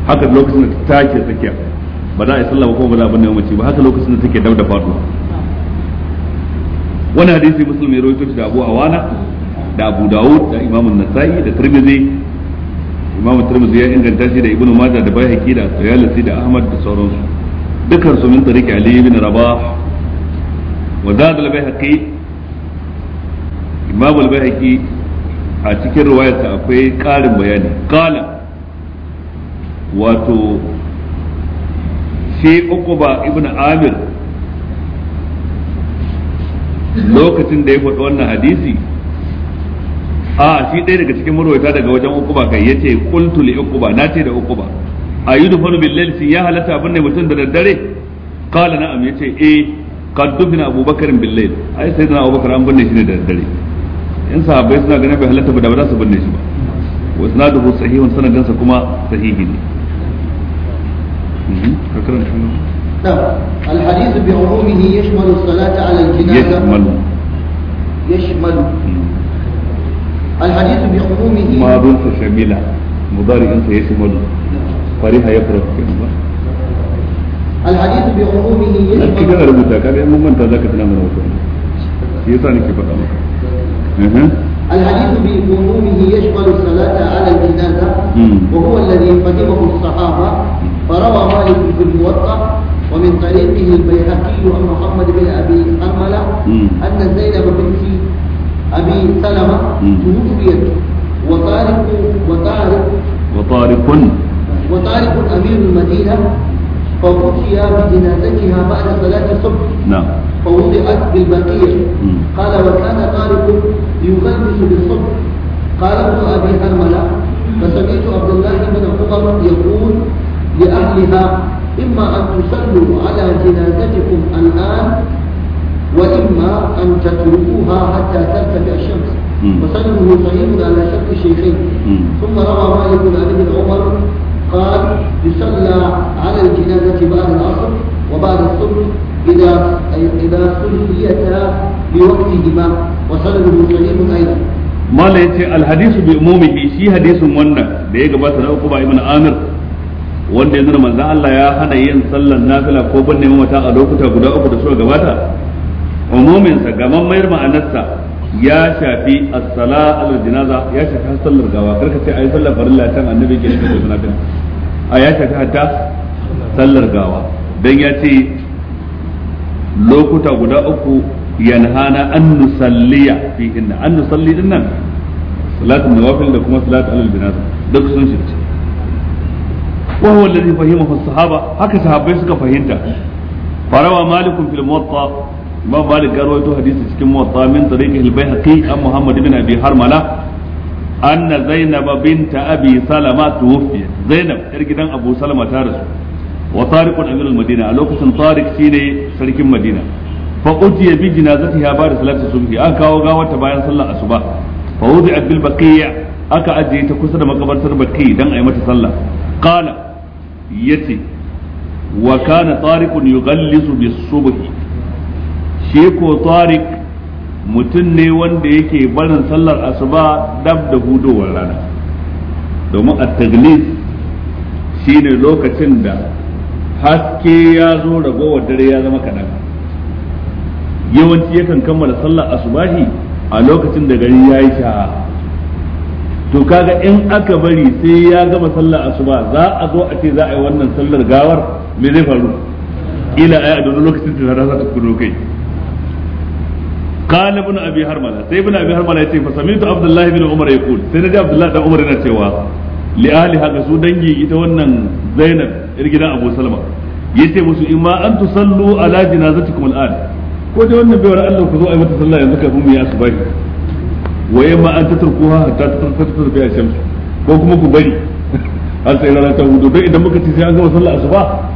haka lokacin da ta take tsakiya ba za a yi sallah ba kuma ba za a binne mamaci ba haka lokacin da take dab da faduwa wani hadisi musulmi ya rawaito da Abu Awana da Abu Dawud da Imam An-Nasa'i da Tirmidhi Imam Tirmidhi ya inganta shi da Ibn Majah da Baihaqi da Sayyalisi da Ahmad da sauransu dukkan su min tariqi Ali ibn Rabah wa zad al-Baihaqi Imam al-Baihaqi a cikin riwayarsa akwai ƙarin bayani qala wato shi uquba ibn amir lokacin da ya faɗi wannan hadisi a shi ɗaya daga cikin marwaita daga wajen uquba kai ce qultu li uquba na ce da a yi dufanu billal si ya halatta abin ne mutum da daddare qala na'am ce eh qad na abubakar billal a yi sai da abubakar an binne shi ne da daddare in sahabbai suna ganin bai halatta ba da ba za su binne shi ba wasu na dubu sahihun sanadinsa kuma sahihi ne نعم الحديث بعمومه يشمل الصلاة على الجنازة يشمل يشمل الحديث بعمومه ما دون شميلة مضارع انت يشمل فريحة يفرق في الحديث بعمومه يشمل لكن كده ربطة كده يمكن أن تذاك تنام روحه يسعني كيف أمر الحديث بعمومه يشمل الصلاة على الجنازة وهو الذي فهمه الصحابة فروى مالك في الموطأ ومن طريقه البيهقي عن محمد بن أبي ارمله أن زينب بنت أبي سلمة توفيت وطارق وطارق وطارق وطارق أمير المدينة فوفي بجنازتها بعد صلاة الصبح نعم فوضعت بالبقيع قال وكان طارق يغلس بالصبح قال ابن أبي حنملة فسمعت عبد الله بن عمر يقول لأهلها إما أن تصلوا على جنازتكم الآن وإما أن تتركوها حتى ترتفع الشمس ابن صحيح على شك الشيخين ثم روى مالك بن ابي عمر قال يصلى على الجنازة بعد العصر وبعد الصبح إذا إذا صليتا بوقتهما ابن صحيح أيضا ما الحديث بأمومه شي حديث من ده ya gabata na uku wanda ya nuna manzan Allah ya hana yin sallan nafila ko ban neman wata a lokuta guda uku da suka gabata Umuminsa, gaman mayar ma'anarsa ya shafi as-sala al jinaza ya shafi har sallar gawa karka ce ayi sallar farilla tan annabi ke da nafila a ya shafi hatta sallar gawa dan ya ce lokuta guda uku yanhana an nusalliya fi inna an nusalli dinnan salatul nawafil da kuma salatul al jinaza duk sun shirci. wa huwa alladhi fahimahu as-sahaba haka sahabai suka fahimta farawa malikun fil muwatta ba malik ya rawaito hadisi cikin muwatta min tariqi al-baihaqi an muhammad ibn abi harmala anna zainab binta abi salama tuwfiya zainab yar gidan abu salama ta rasu wa tariqun amirul madina a lokacin tariq shine sarkin madina fa na zata ya ba da salatu subhi an kawo gawarta bayan sallar asuba fa wudi'at bil baqiyya aka ajiye ta kusa da makabartar baqi dan yi mata sallah qala yace wa kana tariq yughallisu bis subh shi ko tariq mutum ne wanda yake barin sallar asuba dab da hudowar rana domin at shine lokacin da haske ya zo ragowar dare ya zama kaɗan yawanci yakan kammala sallar asubahi a lokacin da gari ya yi sha to kaga in aka bari sai ya gama sallar asuba za a zo a ce za a yi wannan sallar gawar me zai faru ila ai a lokacin da za ta kudo kai قال ابن ابي هرمله سي ابن ابي هرمله يتي فسمعت عبد الله بن عمر يقول سي نجي عبد الله بن عمر yana cewa li ahli haka su dangi ita wannan Zainab ir gidan Abu Salma yace musu in ma an tusallu ala janazatikum al'an ko dai wannan bayar Allah ku zo ai mata sallah yanzu kafin mu yi asubahi wa yamma an tatrukuha hatta tatar bi shamsu ko kuma ku bari har sai rana ta hudu don idan muka ci sai an gama sallar asuba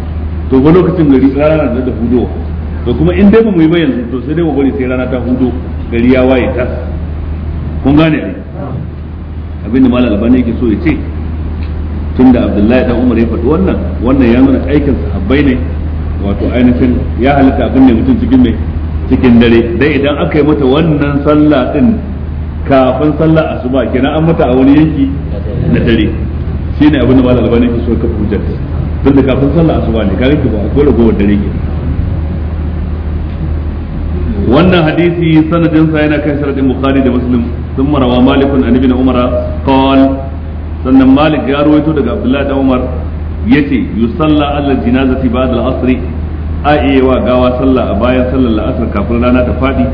to ba lokacin gari rana na da hudu to kuma in dai ba mu yi ba yanzu to sai dai mu bari sai rana ta hudu gari ya waye ta kun gane ne abin da malam albani yake so ya ce tunda abdullahi dan umar ya faɗi wannan wannan ya nuna aikin sahabbai ne wato ainihin ya halitta abin ne mutum cikin mai cikin dare dai idan aka yi mata wannan sallah din kafin sallah asuba kenan an mata a wani yanki na dare shine abin da malam albani ke so ka hujjar tun da kafin sallah asuba ne kare ki ba ko gowar dare ke wannan hadisi sanadin sa yana kai sanadin bukhari da muslim sun marawa malikun an ibn umara qal sannan malik ya rawaito daga abdullah da umar yace yusalla ala jinazati ba'da al-asr a iya wa gawa sallah a bayan sallar la'asar kafin rana ta fadi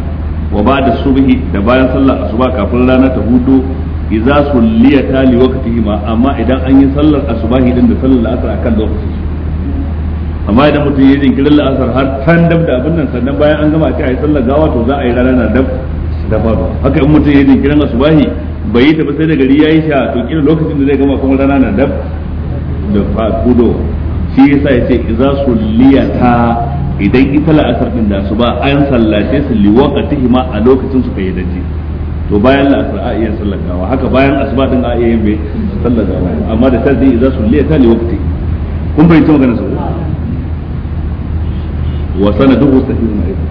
wa ba da subhi da bayan sallar asuba kafin rana ta hudu idza sulliyata li ma amma idan an yi sallar asubahi din da sallar asar akan lokacin su amma idan mutum ya jinkirin la'asar har can dab da abin nan sannan bayan an gama ta a yi sallar gawa to za a yi rana na dab da ba haka in mutum ya jinkirin asubahi bai yi tafi sai da gari ya yi sha to kila lokacin da zai gama kuma rana na dab da kudo shi yasa ya ce idza sulliyata idan ita la'asar din da su ba an sallace su liwaqatihi ma a lokacin su kai dace to bayan la'asar a iya sallakawa haka bayan asuba din a iya yin bai sallakawa amma da tardi idan su liya ta liwaqati kun bai ta magana su wa sanaduhu sahihun aidan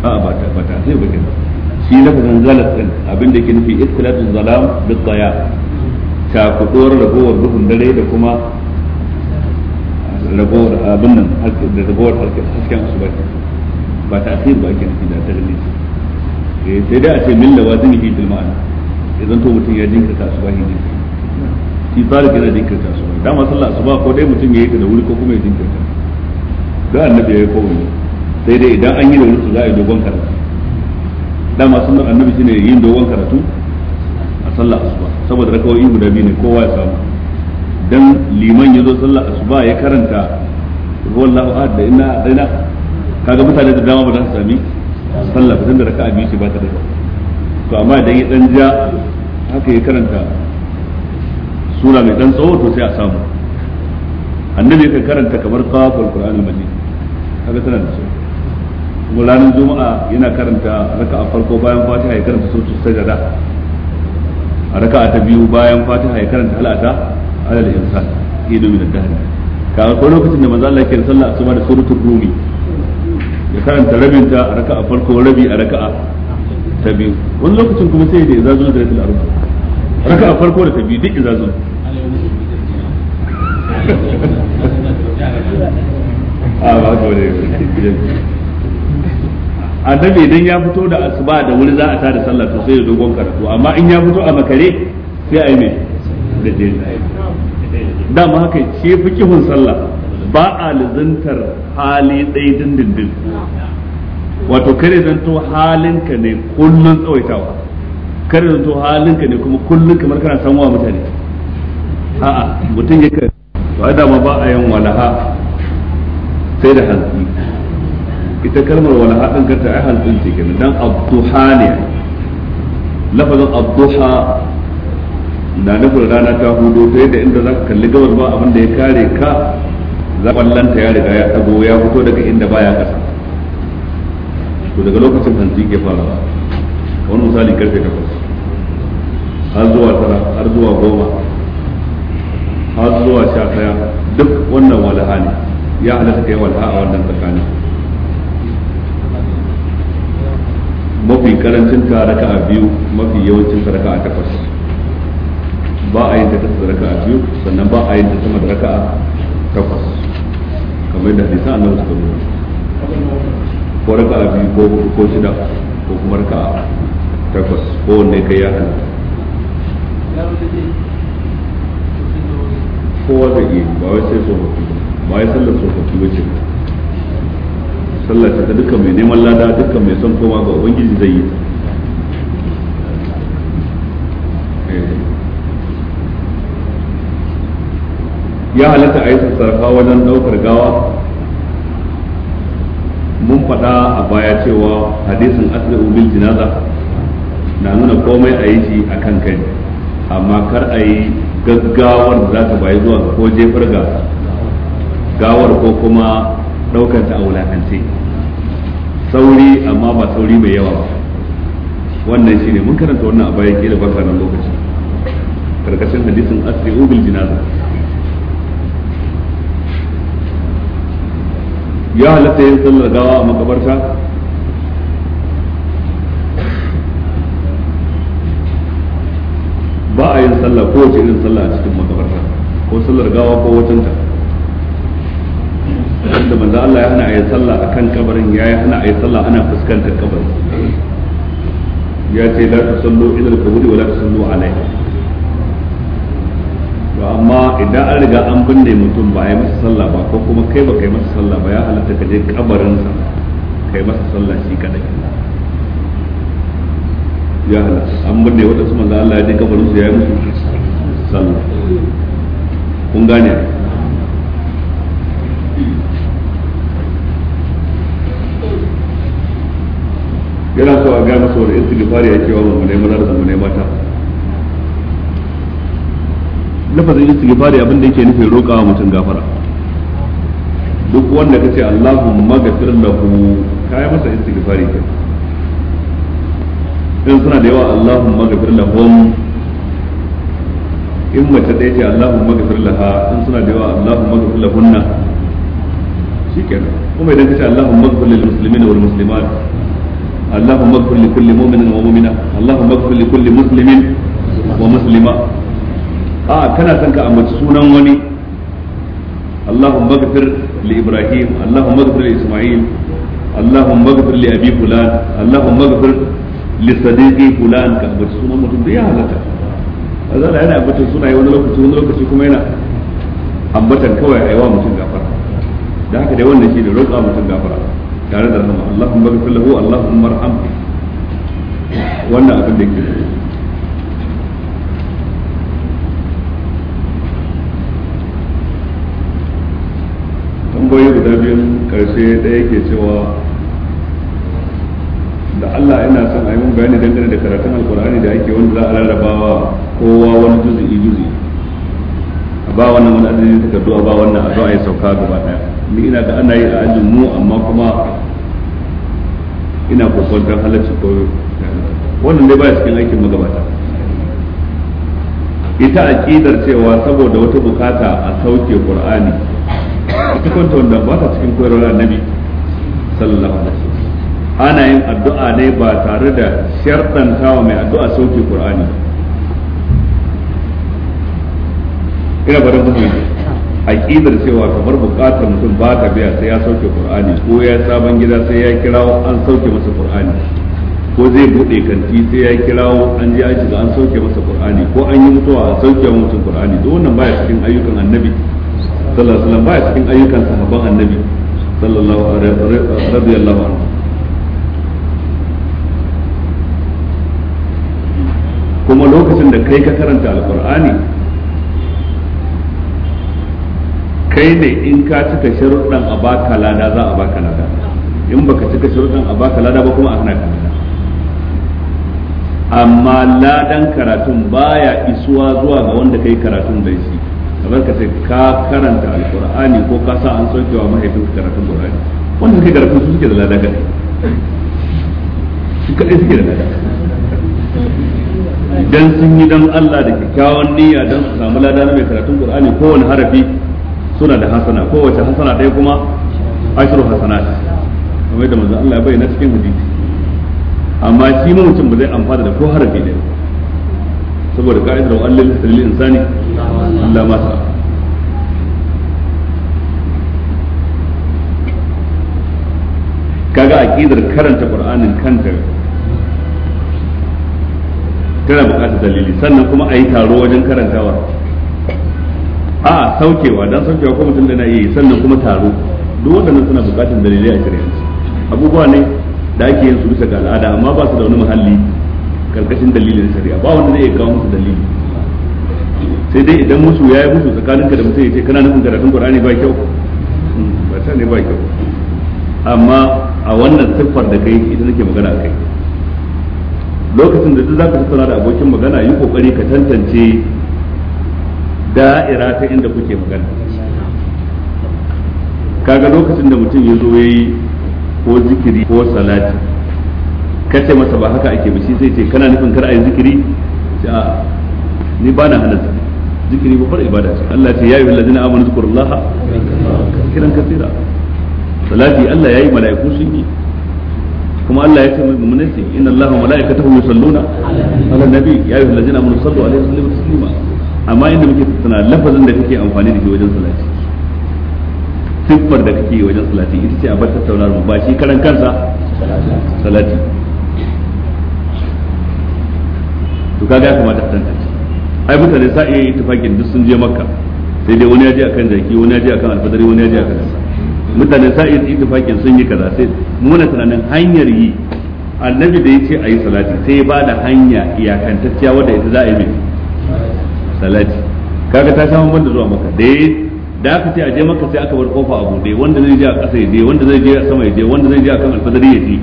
a ba ta ba ta sai ba kenan shi lafazin zalat din abin da yake nufi ikhtilatu zalam bi dhaya ta kudur ragowar duhun dare da kuma ragowar abin nan da ragowar hasken asuba ba ta asir ba ake nufi da ta su eh, sai dai a ce min lawazin yi fil ma'ana idan to mutum ya jinkirta asuba ne shi tsarin yana jinkirta asuba dama sallah asuba ko dai mutum ya yi ta da wuri ko kuma ya jinkirta da annabi ya yi kowanne sai dai idan an yi da wuri za a yi dogon karatu dama sunnar annabi ne yin dogon karatu a sallah asuba saboda ibu da biyu ne kowa ya samu dan liman ya zo sallar asuba ya karanta wallahu ahad da inna daina kaga mutane da dama ba za su sami sallah ba tunda raka'a biyu ce ba ta da to amma idan ya dan ja haka ya karanta sura mai dan tsawo to sai a samu annabi ya karanta kamar qafal qur'an al-majid kaga tana da shi kuma ranar juma'a yana karanta raka'a farko bayan fatiha ya karanta da sajada a raka'a ta biyu bayan fatiha ya karanta al'ata Ala alal insan ido min da dahr ka ko lokacin da manzo Allah yake sallah asuba da suratul rumi ya karanta rabin ta a farko rabi a raka'a ta biyu wani lokacin kuma sai da izazul da al arba raka'a farko da ta biyu duk izazul [LAUGHS] a ah, ba dole annabi idan ya fito da asuba da wuri za a ta sallah sosai da dogon karatu amma in ya fito a makare sai a yi mai da jeri dama haka shi fikihun sallah ba a lizantar hali dindindin wato kare zanto halinka ne tsawaitawa kare zanto halinka ne kuma kamar kana samuwa mutane a'a mutum ya kare to a dama ba a yin walaha sai da hantsi ita kalmar walaha ai hantsin ce kenan dan lafazin abduha na nufin rana ta hudu ta yadda inda za ka kalli gabas ba abin da ya kare ka za kwallanta ya riga ya tsago ya fito daga inda baya kasa to daga lokacin hantsi ke farawa wani misali karfe takwas har zuwa tara har zuwa goma har zuwa sha daya duk wannan walaha ne ya halatta yi walaha a wannan tsakanin mafi karancin ta a biyu mafi yawancin ta a takwas ba a yin ta kasa da a biyu sannan ba a yin ta sama da a takwas kamar da hadisan annabi suka nuna ko a biyu ko ko shida ko kuma a takwas ko wanne kai ya halatta kowa zai iya ba wai sai tsofaffi ba wai sallar tsofaffi ba ce sallar ta dukkan mai neman lada dukkan mai son koma ga ubangiji zai yi ta ya halatta a yi sassarfa wajen ɗaukar gawa mun faɗa a baya cewa hadisin asra'u bil jinaza na nuna komai a yi shi a kan kai amma kar a yi gaggawar da za ta bayi zuwa ko jefar ga gawar ko kuma ɗaukar ta a wulakance sauri amma ba sauri mai yawa ba wannan shi ne mun karanta wannan a baya ke da baka nan lokaci karkashin hadisin asirin bil jinaza ya halatta yin sallar gawa a makabarta ba a yin sallah ko wace irin sallah a cikin makabarta ko sallar gawa ko watanta wanda manzo Allah ya hana a yi sallah kan kabarin ya yi hana a yi sallah ana fuskantar kabarin ya ce la tusallu ila al-qabri wa la sallu alayhi to amma idan an riga an binne mutum ba a yi masa sallah ba ko kuma kai ba kai masa sallah ba ya halatta ka je kabarinsa kai masa sallah shi kadai ya halatta an binne waɗansu manzo Allah ya je kabarinsu ya yi musu sallah kun gane yana so a gane masa wani istighfar ya ke wa mu ne maza da mu ne mata lafazin istighfari abin da yake nufin wa mutum gafara duk wanda ka ce Allahumma magfir lahu kai masa istighfari ke in suna da yawa Allahumma magfir lahum in mace da yake Allahumma magfir laha in suna da yawa Allahumma magfir lahunna shikenan kuma idan ce Allahumma magfir lil muslimina wal muslimat Allahumma magfir li kulli mu'minin wa mu'mina Allahumma magfir li kulli muslimin wa muslima a kana son ka ambaci sunan wani Allahumma ighfir li Ibrahim Allahumma ighfir li Isma'il Allahumma ighfir li abi fulan Allahumma ighfir li sadiqi fulan ka ambaci sunan mutum da ya halaka azala yana ambatan sunaye wani lokaci wani lokaci kuma yana ambatan kawai aiwa mutum gafara da haka dai wannan shi da roƙa mutum gafara tare da rahama Allahumma ighfir lahu Allahumma arhamhu wannan abin da yake tambayoyi guda biyun karshe ɗaya ke cewa da Allah ina son a yi mun bayani dangane da karatun alkur'ani da ake wanda za a rarrabawa kowa wani juzi'i juzi a ba wannan wani adadin takardu a ba wannan a zo a yi sauka gaba daya ni ina da ana yi a ajin mu amma kuma ina dan halarci ko wannan dai baya cikin aikin magabata ita aqidar cewa saboda wata bukata a sauke qur'ani ita kwanta wanda ba ta cikin koyarwar annabi sallallahu alaihi wasallam ana yin addu'a ne ba tare da shartan tawa mai addu'a sauke qur'ani ina barin A aqidar cewa kamar bukatar mutum ba ta biya sai ya sauke qur'ani ko ya sabon gida sai ya kirawo an sauke masa qur'ani ko zai bude kanti sai ya kirawo an je an shiga an sauke masa qur'ani ko an yi mutuwa a sauke masa qur'ani duk wannan baya cikin ayyukan annabi sallallahu alaihi wasallam baya cikin ayyukan sahabban annabi sallallahu alaihi radiyallahu anhu kuma lokacin da kai ka karanta alqur'ani kai ne in ka cika sharuɗan a baka lada za a baka lada in baka cika sharuɗan a baka lada ba kuma a hana ka amma ladan karatun baya isuwa zuwa ga wanda kai karatun bai shi kamar ka sai ka karanta alkur'ani ko ka sa an wa mahaifin ka karatun qur'ani wanda suke karatu su suke da ladaka ne su kadai suke da ladaka dan sun yi dan Allah da kyakkyawan niyya dan su samu lada mai karatun qur'ani kowane harafi suna da hasana kowace hasana ɗaya kuma ashiru hasanat kamar da manzo Allah ya bayyana cikin hadisi amma shi mutum ba zai amfana da ko harafi ne saboda ka'idar wa Allah insani illa ma sa kaga aqidar karanta qur'anin kanta tana buƙatar dalili sannan kuma a yi taro wajen karantawa a saukewa don saukewa kuma mutum dana na yi sannan kuma taro duk waɗannan suna buƙatar dalili a shirya abubuwa ne da ake yin su bisa ga al'ada amma ba su da wani muhalli karkashin dalilin shari'a ba wanda zai kawo musu dalili sai dai idan musu ya yi musu tsakaninka da mutum ya ce kana nufin karatun qur'ani ba kyau hmm, ba ta ne ba kyau amma a wannan siffar da kai ita nake magana kai lokacin da duk zaka tattauna da abokin magana yi kokari ka tantance da'ira ta inda kuke magana kaga lokacin da mutum ya zo yayi ko zikiri ko salati kace masa ba haka ake ba shi sai ce kana nufin kar a yi zikiri a ni ba na hana zikiri babbar ibada ce Allah ce ya yi na amanu zikurullaha kiran kasira salati Allah yayi mala'iku sun yi kuma Allah ya ce mai mu'minin sai inna Allaha wa mala'ikatahu yusalluna ala nabi ya yi na amanu sallu alaihi wa sallimu taslima amma inda muke tattauna lafazin da kake amfani da shi wajen salati siffar da kake wajen salati ita ce a bar tattaunar mu ba shi karan kansa salati to kaga ya kamata tantance ai mutane sa iya yi tufakin duk sun je makka sai dai wani ya je akan jaki wani ya je akan alfadari wani ya je akan mutane sa iya yi tufakin sun yi kaza sai muna tunanin hanyar yi annabi da ya ce a yi salati sai ya bada hanya iyakantacciya wadda ita za a yi mai salati kaga ta samu banda zuwa maka da ya da aka ce a je maka sai aka bar kofa a bude wanda zai je a ƙasa ya je wanda zai je a sama ya je wanda zai je a kan alfadari ya je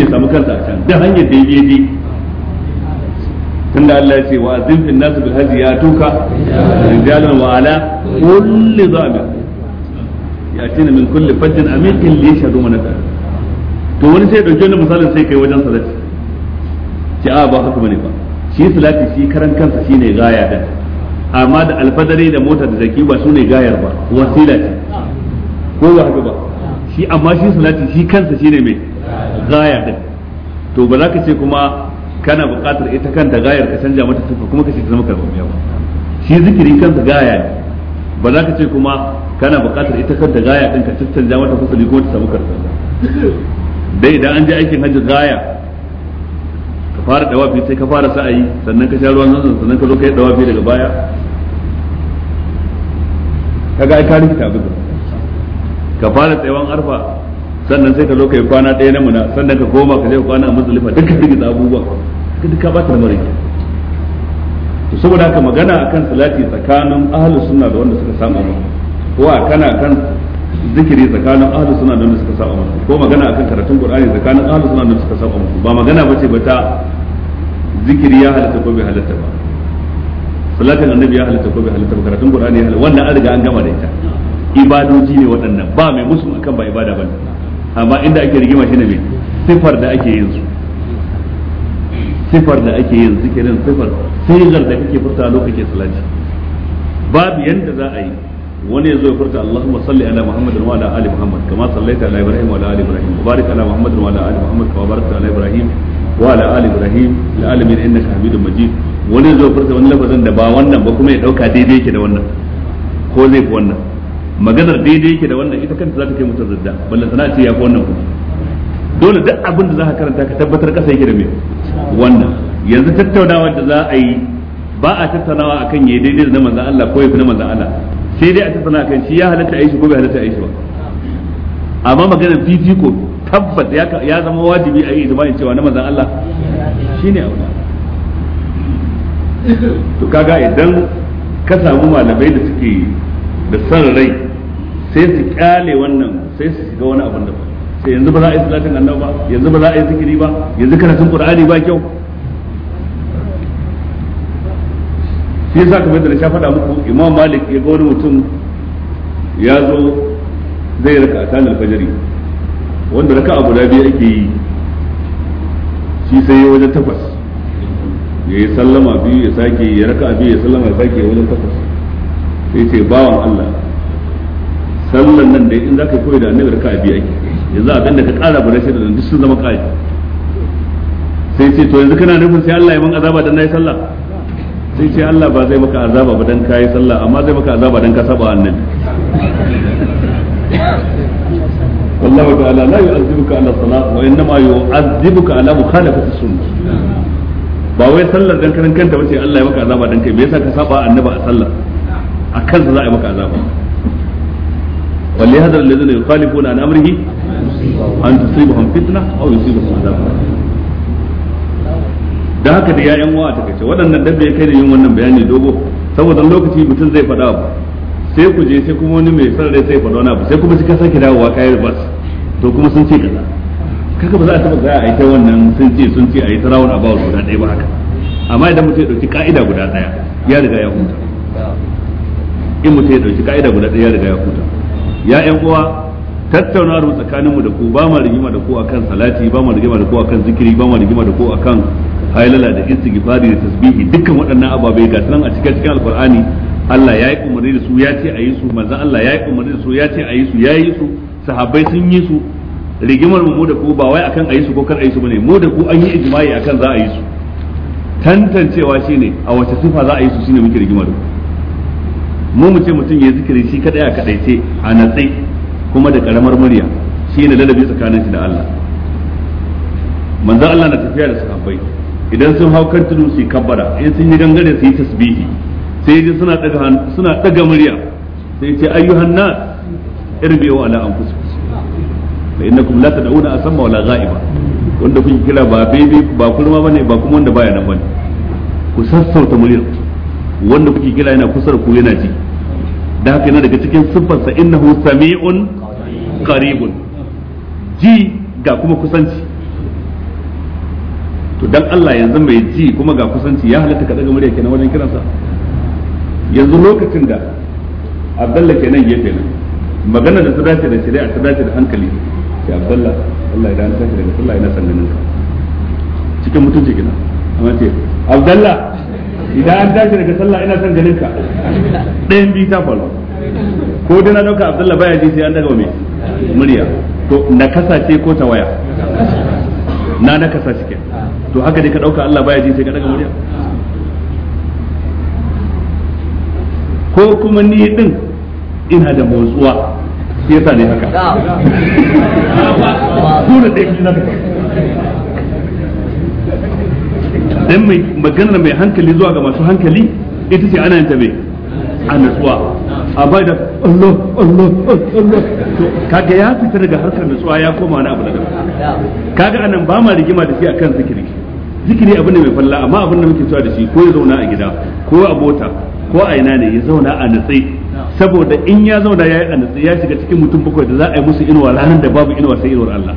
ya samu kansa a can da hanyar da ya je tunda Allah ya ce wa azim nasu nas bil hajji ya tuka rijalan wa ala kulli zamir yatina min kulli fajjin amikin li yashhadu manaka to wani sai dauke wani misalin sai kai wajen salati ce a ba haka bane ba shi salati shi karan kansa shine gaya din amma da alfadari da mota da zaki ba su ne gayar ba wasila ce ko ba haka ba shi amma shi salati shi kansa shine mai gaya din to ba za ka ce kuma kana buƙatar ita kanta gayar ka canja mata tufa kuma ka ce ta zama karɓar miyawa shi zikiri kansa gaya ne ba za ka ce kuma kana buƙatar ita kanta gaya ɗin ka canja mata fasali kuma ta samu karbabbiya dai idan an je aikin hajji gaya ka fara dawafi sai ka fara sa'ayi sannan ka sha ruwan zanzan sannan ka zo ka yi dawafi daga baya ka ai ka rikita abin ka fara tsayawan arfa sannan sai ka zo ka yi kwana ɗaya na muna sannan ka koma ka je kwana a musulifa duka rigita abubuwa ka bata da mara to saboda haka magana akan salati tsakanin ahlus sunna da wanda suka samu masa ko a kana kan zikiri tsakanin ahlus sunna da wanda suka samu masa ko magana akan karatun qur'ani tsakanin ahlus sunna da wanda suka samu masa ba magana bace ba ta zikiri ya halatta ko bai halatta ba salatin annabi ya halatta ko bai halatta ba karatun qur'ani ya halatta wannan an riga an gama da ita ibadoji ne waɗannan ba mai musu akan ba ibada bane amma inda ake rigima shine mai sifar da ake yin su sifar da ake yin zikirin sifar sigar da kake furta a lokacin salati babu yanda za a yi wani ya zo ya furta Allahumma salli ala Muhammadin wa ala ali Muhammad kama sallaita ala Ibrahim wa ala ali Ibrahim barik ala Muhammadin wa ala ali Muhammad kama barakta ala Ibrahim wa ala ali Ibrahim lil alamin innaka Hamidum Majid wani ya zo furta wani lafazin da ba wannan ba kuma ya dauka daidai yake da wannan ko zai fi wannan maganar daidai yake da wannan ita kanta za ta kai mutum zadda ballan sana'a ce ya fi wannan kuma dole duk abin da za ka karanta ka tabbatar kasa yake da mai wannan yanzu tattaunawa da za a yi ba a tattaunawa akan yayi daidai da manzon Allah ko yafi na manzon Allah sai dai a tattauna akan shi ya halatta aishi ko bai halatta aishi ba amma maganar fifiko tabbas ya zama wajibi a yi ijma'in cewa na manzon Allah shine auna to kaga idan ka samu malamai da suke da san rai sai su kyale wannan sai su shiga wani abin da ba sai yanzu ba za a yi salatin annabi ba yanzu ba za a yi zikiri ba yanzu karatun qur'ani ba kyau shi yasa kamar da na sha faɗa muku imam malik ya ga wani mutum ya zo zai raka a tanar fajari wanda raka abu da biyu ake yi shi sai ya wajen takwas ya yi sallama biyu ya sake ya raka a biyu ya sallama ya sake ya wajen takwas sai ce bawan allah sallan nan da in za ka kawai da annabi raka biyu ake yanzu abin da ka kara bare shi da duk sun zama kai sai ce to yanzu kana nufin sai Allah ya min azaba dan nayi sallah sai ce Allah ba zai maka azaba ba dan kai sallah amma zai maka azaba dan ka saba annabi والله تعالى لا يعذبك على الصلاة وإنما يعذبك على مخالفة السنة ba wai sallar dan karan kanta bace Allah ya maka azaba dan kai me yasa ka saba annaba a sallar akan za a yi maka azaba wal yahdar alladhina yukhalifuna an amrihi an tusibahum fitna aw yusibahum adab da haka da ya'yan wa ta kace waɗannan dabbe kai da yin wannan bayani dogo saboda lokaci mutum zai faɗa ba sai ku je sai kuma wani mai sarrai sai faɗa wani abu sai kuma ka sake dawowa kai ribas to kuma sun ce kaza kaga ba za a taba za a yi ta wannan sun ce sun ce a yi ta rawun abawa guda ɗaya ba haka amma idan mutum ya ɗauki ka'ida guda ɗaya ya riga ya huta in mutum ya ɗauki ka'ida guda ɗaya ya riga ya huta ya uwa tattaunawar mu tsakanin mu da ku ba mu rigima da ku akan salati ba mu rigima da ku akan zikiri ba mu rigima da ku akan halala da istighfari da tasbihi dukkan waɗannan ababe ga nan a cikin cikin alqur'ani Allah ya yi umarni da su ya ce a yi su manzon Allah ya yi umarni da su ya ce a yi su ya yi su sahabbai sun yi su rigimar mu da ku ba wai akan a yi su ko kar a yi su bane mu da ku an yi ijma'i akan za a yi su tantancewa shine a wace sifa za a yi su shine muke rigimar mu mu ce mutum ya zikiri shi kadai a kadaice a natsai kuma da karamar murya shi ne lalabi tsakanin shi da Allah manzo Allah na tafiya da sahabbai idan sun hau kan tudu su kabbara in sun yi gangare su yi tasbihi sai ji suna daga suna daga murya sai ce ayyuhan nas wa ala anfusikum fa innakum la tad'una asamma wala ghaiba wanda kuke kira ba bebe ba kurma bane ba kuma wanda baya nan bane ku sassauta muryar wanda kuke kira yana kusa da ku yana ji da haka yana daga cikin siffarsa innahu sami'un qaribun ji ga kuma kusanci to dan Allah yanzu mai ji kuma ga kusanci ya halatta ka daga murya kenan wajen kiransa yanzu lokacin da Abdalla kenan ya nan magana da ta dace da shari'a ta dace da hankali sai Abdalla Allah ya danta shi daga sallah ina sanganin ka cikin mutunci kina amma ce Abdalla idan an tashi daga sallah ina son ganin ka ɗayan bi ta faru ko dana na ɗauka Abdalla baya ji sai an daga mai murya to kasa ce ko ta waya na na kasa ke to haka dai ka dauka Allah baya ji sai ka daga murya ko kuma ni din ina da motsuwa shi yasa ne haka dole da yake na dan mai magana mai hankali zuwa ga masu hankali ita ce ana yin ta mai a natsuwa a bai da allo allo allo to kaga ya fita daga harkar nutsuwa ya koma wani abu da daban kaga anan ba ma rigima da shi akan zikiri zikiri abu ne mai falla amma abin da muke cewa da shi ko ya zauna a gida ko a bota ko a ina ne ya zauna a nutsai saboda in ya zauna ya yi a nutsai ya shiga cikin mutum bakwai da za a yi musu inuwa ranar da babu inuwa sai inuwar Allah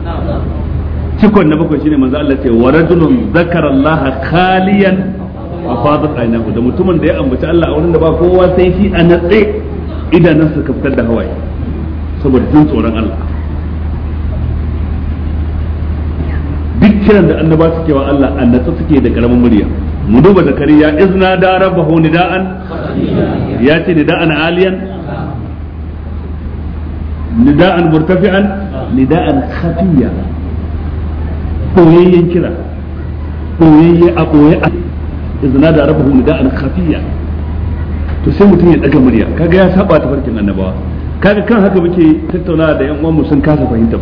cikon na bakwai shine manzo Allah ce wa rajulun zakara Allah khaliyan a fadar ainihu da mutumin da ya ambaci Allah a wurin da ba kowa sai shi a natse idanun su kafkar da hawaye saboda jin tsoron Allah duk kiran da annaba suke wa Allah annatsa suke da karamin murya mu duba zakariya izna da rabbahu nida'an ya ce nida'an aliyan nida'an murtafi'an nida'an khafiya koyayyen kira koyayye a koyayye izna da rabbahu nida'an khafiya to sai mutum ya daga murya kaga ya saba ta farkin annabawa kaga kan haka muke tattauna da yan mu sun kasa fahimta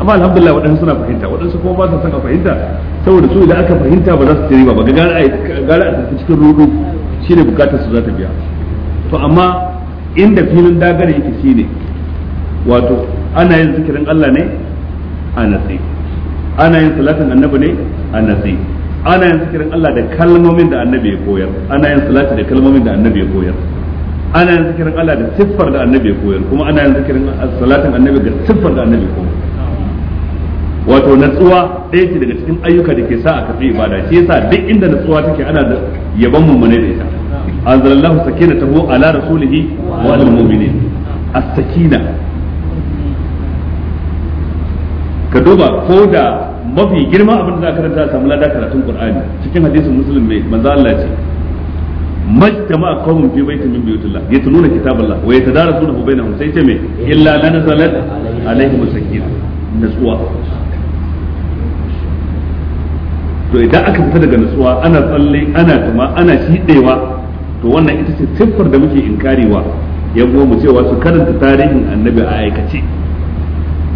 amma alhamdulillah waɗansu suna fahimta waɗansu kuma ba su son a fahimta saboda su idan aka fahimta ba za su tiri ba ga gara a gara a tafi cikin rudu shine bukatar su za ta biya to amma inda filin dagare yake shine wato ana yin zikirin Allah ne a natsi ana yin salatin annabi ne a natsi ana yin zikirin Allah da kalmomin da annabi ya koyar ana yin salati da kalmomin da annabi ya koyar ana yin zikirin Allah da siffar da annabi ya koyar kuma ana yin zikirin salatin annabi da siffar da annabi ya koyar wato natsuwa ɗaya ce daga cikin ayyuka da ke sa a kafin ibada shi yasa duk inda natsuwa take ana da yaban mummune da ita anzalallahu sakinatahu ala rasulihi wa alal mu'minin as-sakina ka duba ko da mafi girma abin da za ka karanta samu lada karatun qur'ani cikin hadisin muslim mai manzo Allah ce majtama qawmun fi baitin min buyutillah yatluna kitaballah wa yatadarasunahu bainahum sai ce me illa lanazalat alaihim sakina nasuwa. to idan aka fita daga nasuwa ana tsalle ana tuma ana shidewa to wannan ita ce siffar da muke inkarewa yan mu cewa su karanta tarihin annabi a aikace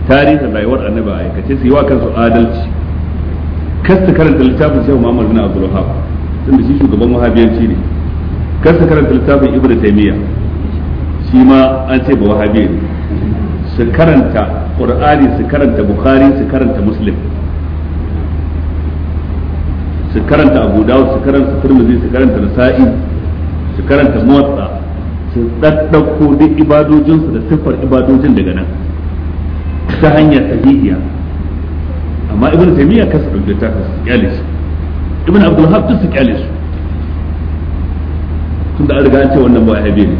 tarihin rayuwar annabi a aikace su yi wa kansu adalci kasta karanta littafin shehu muhammad bin abdul wahab tunda shi shugaban wahabiyanci ne kasta karanta littafin ibnu taymiya shi ma an ce ba wahabi ne su karanta qur'ani su karanta bukhari su karanta muslim su karanta abu dawud su karanta turmizi su karanta nasa'i su karanta muwatta su daddauko duk ibadojinsu da siffar ibadojin daga nan ta hanya sahihiya amma ibn taymiya kasa dauke ta kasa kyale shi ibn abdul hab su kyale tun tunda an riga ce wannan ba haibe ne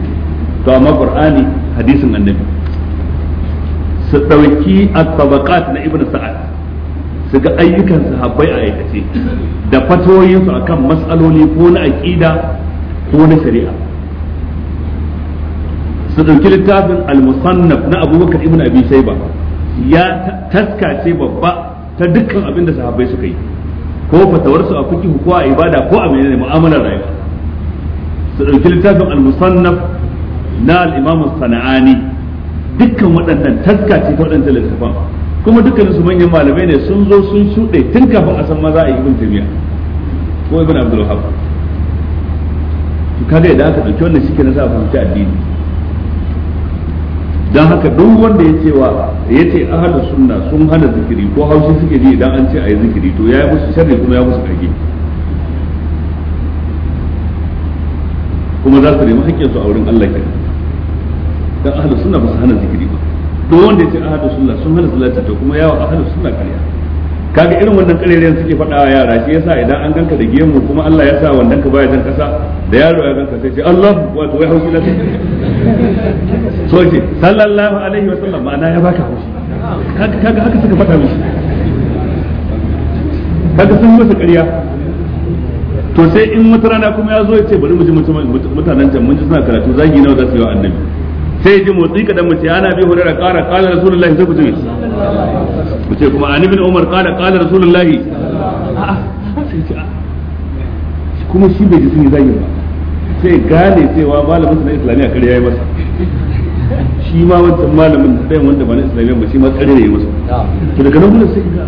to amma qur'ani hadisin annabi su dauki at-tabaqat na ibn sa'ad su ga ayyukan sahabbai a aikace da fatoyinsu akan mas'aloli ko na aqida ko na shari'a su dauki littafin al-musannaf na abubakar ibn abi shayba ya taska babba ta dukkan abin da sahabbai suka yi ko su a fikihu ko a ibada ko a menene mu'amalar rayuwa su ɗauki littafin al-musannaf na al-imam sana'ani dukkan waɗannan taska ta waɗannan littafin kuma dukkan su manyan malamai ne sun zo sun shuɗe tun kafin a san maza a yi ibn tabiya ko ibn abdul wahab to kaga idan aka dauki wannan shike na sa fahimci addini dan haka duk wanda ya cewa ya ce ahlus sunna sun hana zikiri ko haushi suke ji idan an ce a yi zikiri to ya yi musu sharri kuma ya musu kage kuma za su nemi hakkin su a wurin Allah kenan dan ahlus sunna ba su hana zikiri ba duk wanda ya ce ahlus sunna sun hana salati to kuma yawa ahlus sunna kariya kaga irin wannan karerayen suke faɗa a yara shi yasa idan an ganka da gemu kuma Allah ya sa wannan ka baya jan kasa da yaro ya ganka sai ce Allah wato wai haushi lafi so ce sallallahu alaihi wa sallam ma'ana ya baka haushi kaga haka suka faɗa mishi kaga sun masa ƙarya to sai in wata rana kuma ya zo ya ce bari mu ji mutanen can mun ji suna karatu zagi nawa za su yi wa annabi sai ji motsi kadan mu ce ana bi hurara ƙara ƙara rasulullahi sai ku ji ku ce kuma an ibn umar kada kada rasulullahi kuma shi bai ji zai yi zagi ba sai gane cewa malamin na islamiyya kare yi masa shi ma wancan malamin ɗayan wanda ba na islamiyya ba shi ma kare yi masa to daga nan gudun sai ga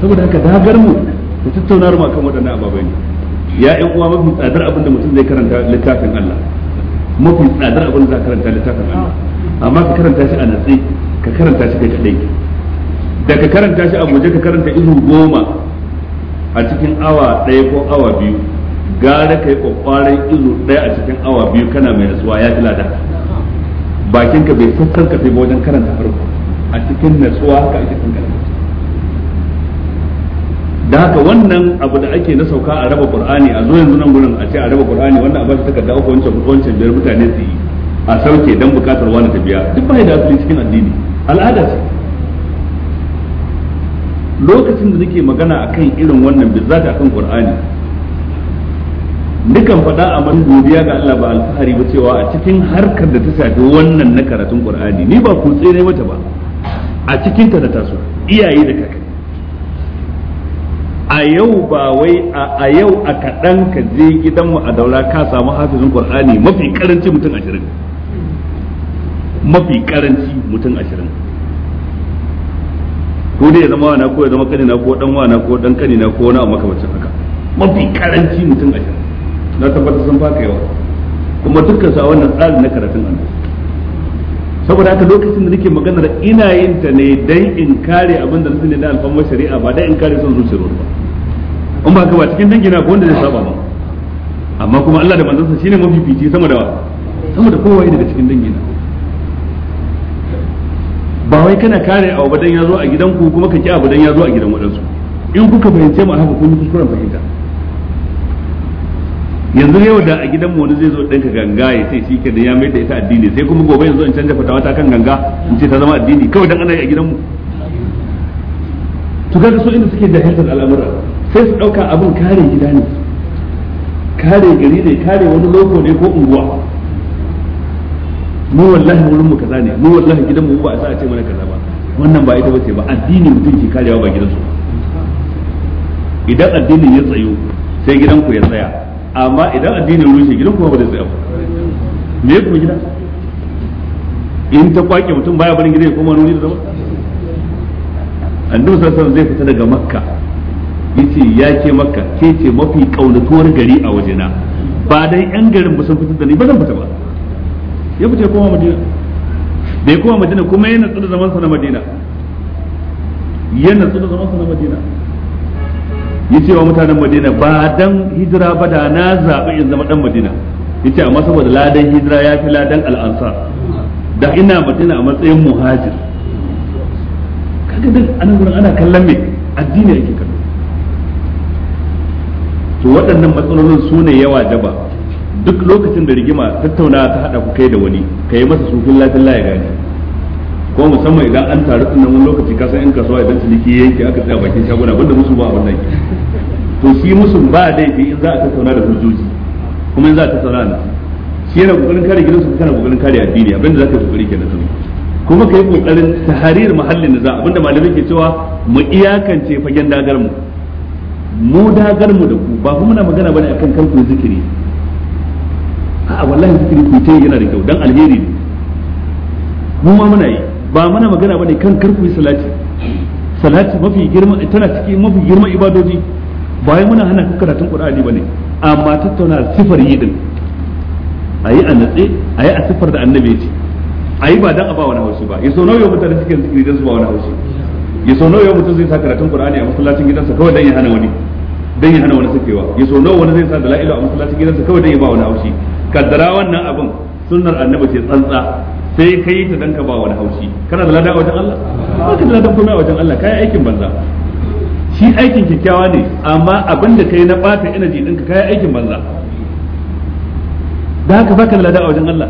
saboda haka dagar mu da tattaunawar ma kan waɗannan ababai ne ya yan uwa mafi tsadar abin da mutum zai karanta littafin Allah mafi tsadar abin da za karanta littafin Allah amma ka karanta shi a natsi ka karanta shi kai kadai da ka karanta shi a guje ka karanta izu goma a cikin awa ɗaya ko awa biyu gara ka yi ƙwaƙwarar izu ɗaya a cikin awa biyu kana mai nasuwa ya fi lada bakinka bai sassan ka ba wajen karanta farko a cikin nasuwa haka a cikin karanta da haka wannan abu da ake na sauka a raba qur'ani a zo yanzu nan gurin a ce a raba qur'ani wannan a bashi takarda uku wancan wancan biyar mutane su yi a sauke dan bukatar wani tafiya duk bai da asali cikin addini al'ada ce lokacin da nake magana akan irin wannan bizzata akan qur'ani dukan faɗa a man godiya ga Allah ba alfahari ba cewa a cikin harkar da ta shafi wannan na karatun qur'ani ni ba ku tsere mata ba a cikin ta da taso iyaye da kaka a yau ba wai a yau a kaɗan ka je gidan mu a daura ka samu hafizin qur'ani mafi karanci mutum ashirin mafi karanci mutum ashirin ko dai ya zama na ko ya zama kanina ko dan na ko dan kanina ko wani abu makamacin haka mafi karanci mutum ashirin na tabbatar sun baka yawa kuma dukkan sa wannan tsarin na karatun annabi saboda haka lokacin da nake maganar ina yin ta ne dai in kare abin da ne da alfamar shari'a ba dai in kare son zuciyar ba in ba ka ba cikin dangina ko wanda zai saba ba amma kuma Allah da sa shine fiti sama da wa sama da kowa daga cikin dangina ba wai kana kare abu dan ya zo a gidanku kuma ka ki abu dan ya zo a gidan wadansu in kuka fahimce mu haka kun yi kuskuren fahimta yanzu yau da a gidan wani zai zo ɗinka ganga ya ce shi da ya mai da ita addini sai kuma gobe yanzu in canza fatawa ta kan ganga in ce ta zama addini kawai dan ana yi a gidanmu to kaga so inda suke jahiltar al'amura sai su ɗauka abin kare gida ne kare gari ne kare wani loko ne ko unguwa mu wallahi wurin mu kaza ne mu wallahi gidan mu ba a sa a ce mana kaza ba wannan ba ita ba ce ba addini mutum ke karewa ba gidansu idan addinin ya tsayo sai gidan ku ya tsaya amma idan addinin rushe gidan ku ba zai tsaya ba me ku gida in ta kwake mutum baya barin gidan ya koma nuni da zama annabi sallallahu zai fita daga makka yace ya ke makka ke ce mafi kaunatuwar gari a wajena ba dai yan garin ba sun fitar da ni ba zan fita ba ya fice koma madina bai koma madina kuma yana tsada zaman sa na madina yana tsada zaman sa na madina ya ce wa mutanen madina ba dan hijira ba da na zaɓi in zama dan madina ya ce amma saboda ladan hijira ya fi ladan al'ansar da ina madina a matsayin muhajir kaga duk anan gurin ana kallon me addini yake kallo to waɗannan matsalolin su ne yawa daba duk lokacin da rigima tattauna ta hada ku kai da wani ka yi masa sufin lafin ya gani ko musamman idan an taru din wani lokaci ka san in kasuwa idan ciniki yanke aka tsaya bakin shaguna banda musu ba abin nan to shi musu ba laifi in za a tattauna da hujjoji kuma in za a tattauna da su shi yana kokarin kare gidansu kana kokarin kare addini abinda ka yi kokari kenan sani kuma kai kokarin tahrir muhallin da za abinda malamai ke cewa mu iyakance fagen dagar mu mu dagar mu da ku ba kuma muna magana bane akan kanku zikiri a'a wallahi zikiri ku ta yana da kyau dan alheri ne mu ma muna yi ba mana magana bane kan kar ku yi salati salati mafi girma tana cikin mafi girma ibadoji ba wai muna hana ku karatun qur'ani bane amma tattauna sifar yi din ayi a natse ayi a sifar da annabi ya ce ayi ba dan a ba wani haushi ba yaso nawa mutane cikin zikiri dan su ba wani haushi yaso nawa mutum zai sa karatun qur'ani a masallacin gidansa kawai dan ya hana wani dan ya hana wani sakewa yaso nawa wani zai sa da la'ila a masallacin gidansa kawai dan ya ba wani haushi kaddara wannan abin sunnar annabi ce tsantsa sai kai ta danka ba wani haushi kana da ladan wajen Allah ba ka da ladan komai wajen Allah kai aikin banza shi aikin kyakkyawa ne amma abin da kai na bata energy ka kai aikin banza da haka ka da ladan wajen Allah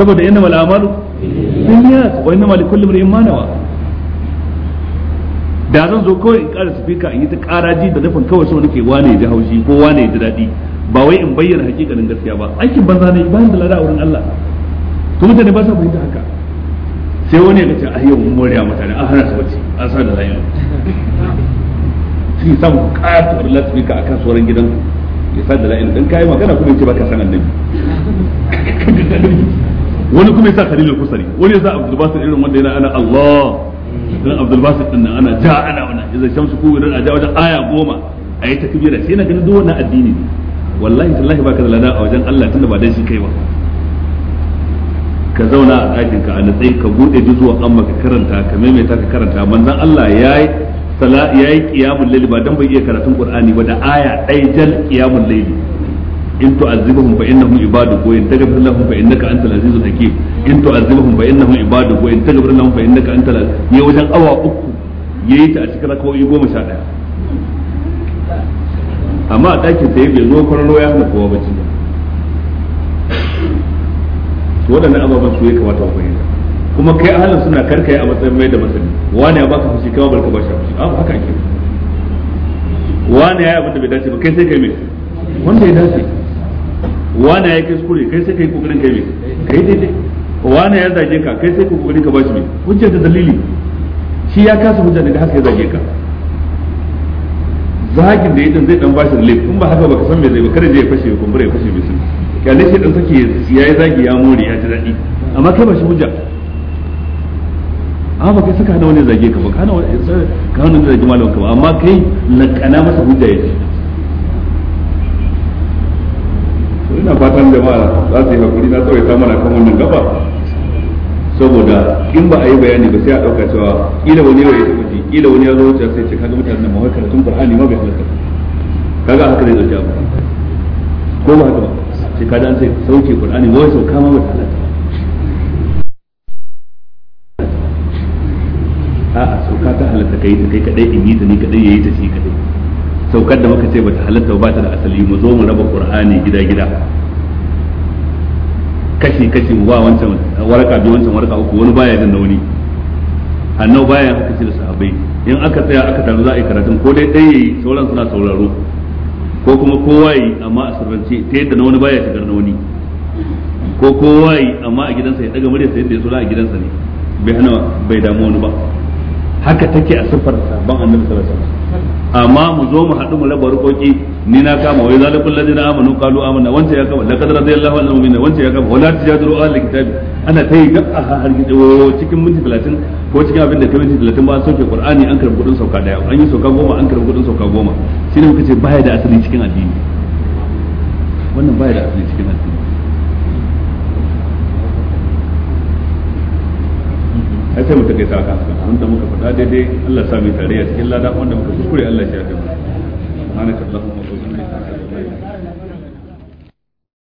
saboda inna mal amalu binniyat wa inna mal kulli imrin ma nawa da zan zo kawai in ƙara spika in yi ta ƙaraji da nufin kawai sau nake wane ya ji haushi ko wane ya ji daɗi ba wai in bayyana hakikanin gaskiya ba aikin banza ne bayan da lada a wurin Allah to mutane ba sa fahimta haka sai wani ya ce ayyau ah, mun moriya mutane an hana su wace an sa da layin shi samu katuwar latifika a kan tsoron gidan ya sa da layin dan kai magana kuma yace baka san annabi wani kuma ya sa khalil kusari wani sa abdul basir irin wanda yana ana Allah dan abdul basir din ana ja ana wannan idan shamsu kuwirin a ja wajen aya goma a yi takbira sai na ganin duk wannan addini ne wallahi tallahi baka da lada a wajen Allah tunda ba dan shi kai ba ka zauna a ɗakin ka a natsayi ka buɗe juzuwan amma ka karanta ka maimaita ka karanta manzon Allah yayi sala yayi qiyamul layl ba dan bai iya karatun qur'ani ba da aya ɗaya jal qiyamul layl in tu'azzibuhum fa innahum ibaduk wa in taghfir lahum fa innaka antal azizul hakim in tu'azzibuhum fa innahum ibaduk wa in taghfir lahum fa innaka antal ya wajen awa uku yayi ta a cikin rakawoyi goma sha ɗaya amma a ɗakin sai bai zo kwararo ya hana kowa bacci ba to waɗannan ababen su ya kamata a fahimta kuma kai ahalin suna karkai a matsayin mai da masani wani ya baka fushi kawai barka ba shi fushi a haka ke wani ya yi abin da bai dace ba kai sai kai mai wanda ya dace wani ya yi kuskure kai sai kai kokarin kai mai kai daidai wani ya zage ka kai sai kai kokarin ka bashi mai hujjar da dalili shi ya kasa hujjar daga haka ya zage ka zagin da yadda zai dan bashi lif in ba haka baka san me zai ba kada je ya fashe kumbura ya fashe bisu kyalle shi dan sake yayi zagi ya more ya ji dadi amma kai ba shi hujja a ba kai saka hana wani zage ka ba ka hana wani eh, ka hana wani zage malamin ka ba amma kai lakana masa hujja yake ina fatan jama'a za su yi hakuri na tsawaita mana kan wannan gaba saboda in ba a yi bayani ba sai a ɗauka cewa ƙila wani yau ya kila wani ya zo wuce sai ce kaga mutanen nan mawai karatun qur'ani ma bai halatta kaga haka zai dauki abu ko ba haka ba sai kaga an sai sauke qur'ani wai sauka ma bai halatta a'a sauka ta halatta kai ta kai kadai in yi ta ni kadai yayi ta shi kadai saukar da muka ce bata halatta ba ta da asali mu zo mu raba qur'ani gida gida kashi kashi mu ba wancan waraka bi wancan waraka uku wani baya jin da wani annabi bayan haka shi da sahabbai in aka tsaya aka taru za a yi karatun ko dai ɗaya yi sauran suna sauraro ko kuma kowa yi amma a sirrance ta yadda na wani baya shigar na wani ko kowa yi amma a gidansa ya daga murya yadda ya so a gidansa ne bai hana bai damu wani ba haka take a siffar sabon annabi sallallahu alaihi amma mu zo mu haɗu mu raba rukoki ni na kama wai zalikul ladina amanu qalu amanna wanda ya kama laqad radiyallahu anil mu'minina wanda ya kama wala tajadru ahli kitabi ana ta yi a hargitse cikin minti talatin ko cikin abin da ta minti talatin ba an sauke qur'ani an karbi kudin sauka daya an yi sauka goma an karbi kudin sauka goma shi ne muka ce baya da asali cikin addini wannan baya da asali cikin addini ai sai muka kai saka abin da muka faɗa daidai Allah sami sa mu tarayya cikin lada wanda muka kuskure Allah ya shafe mu subhanaka allahumma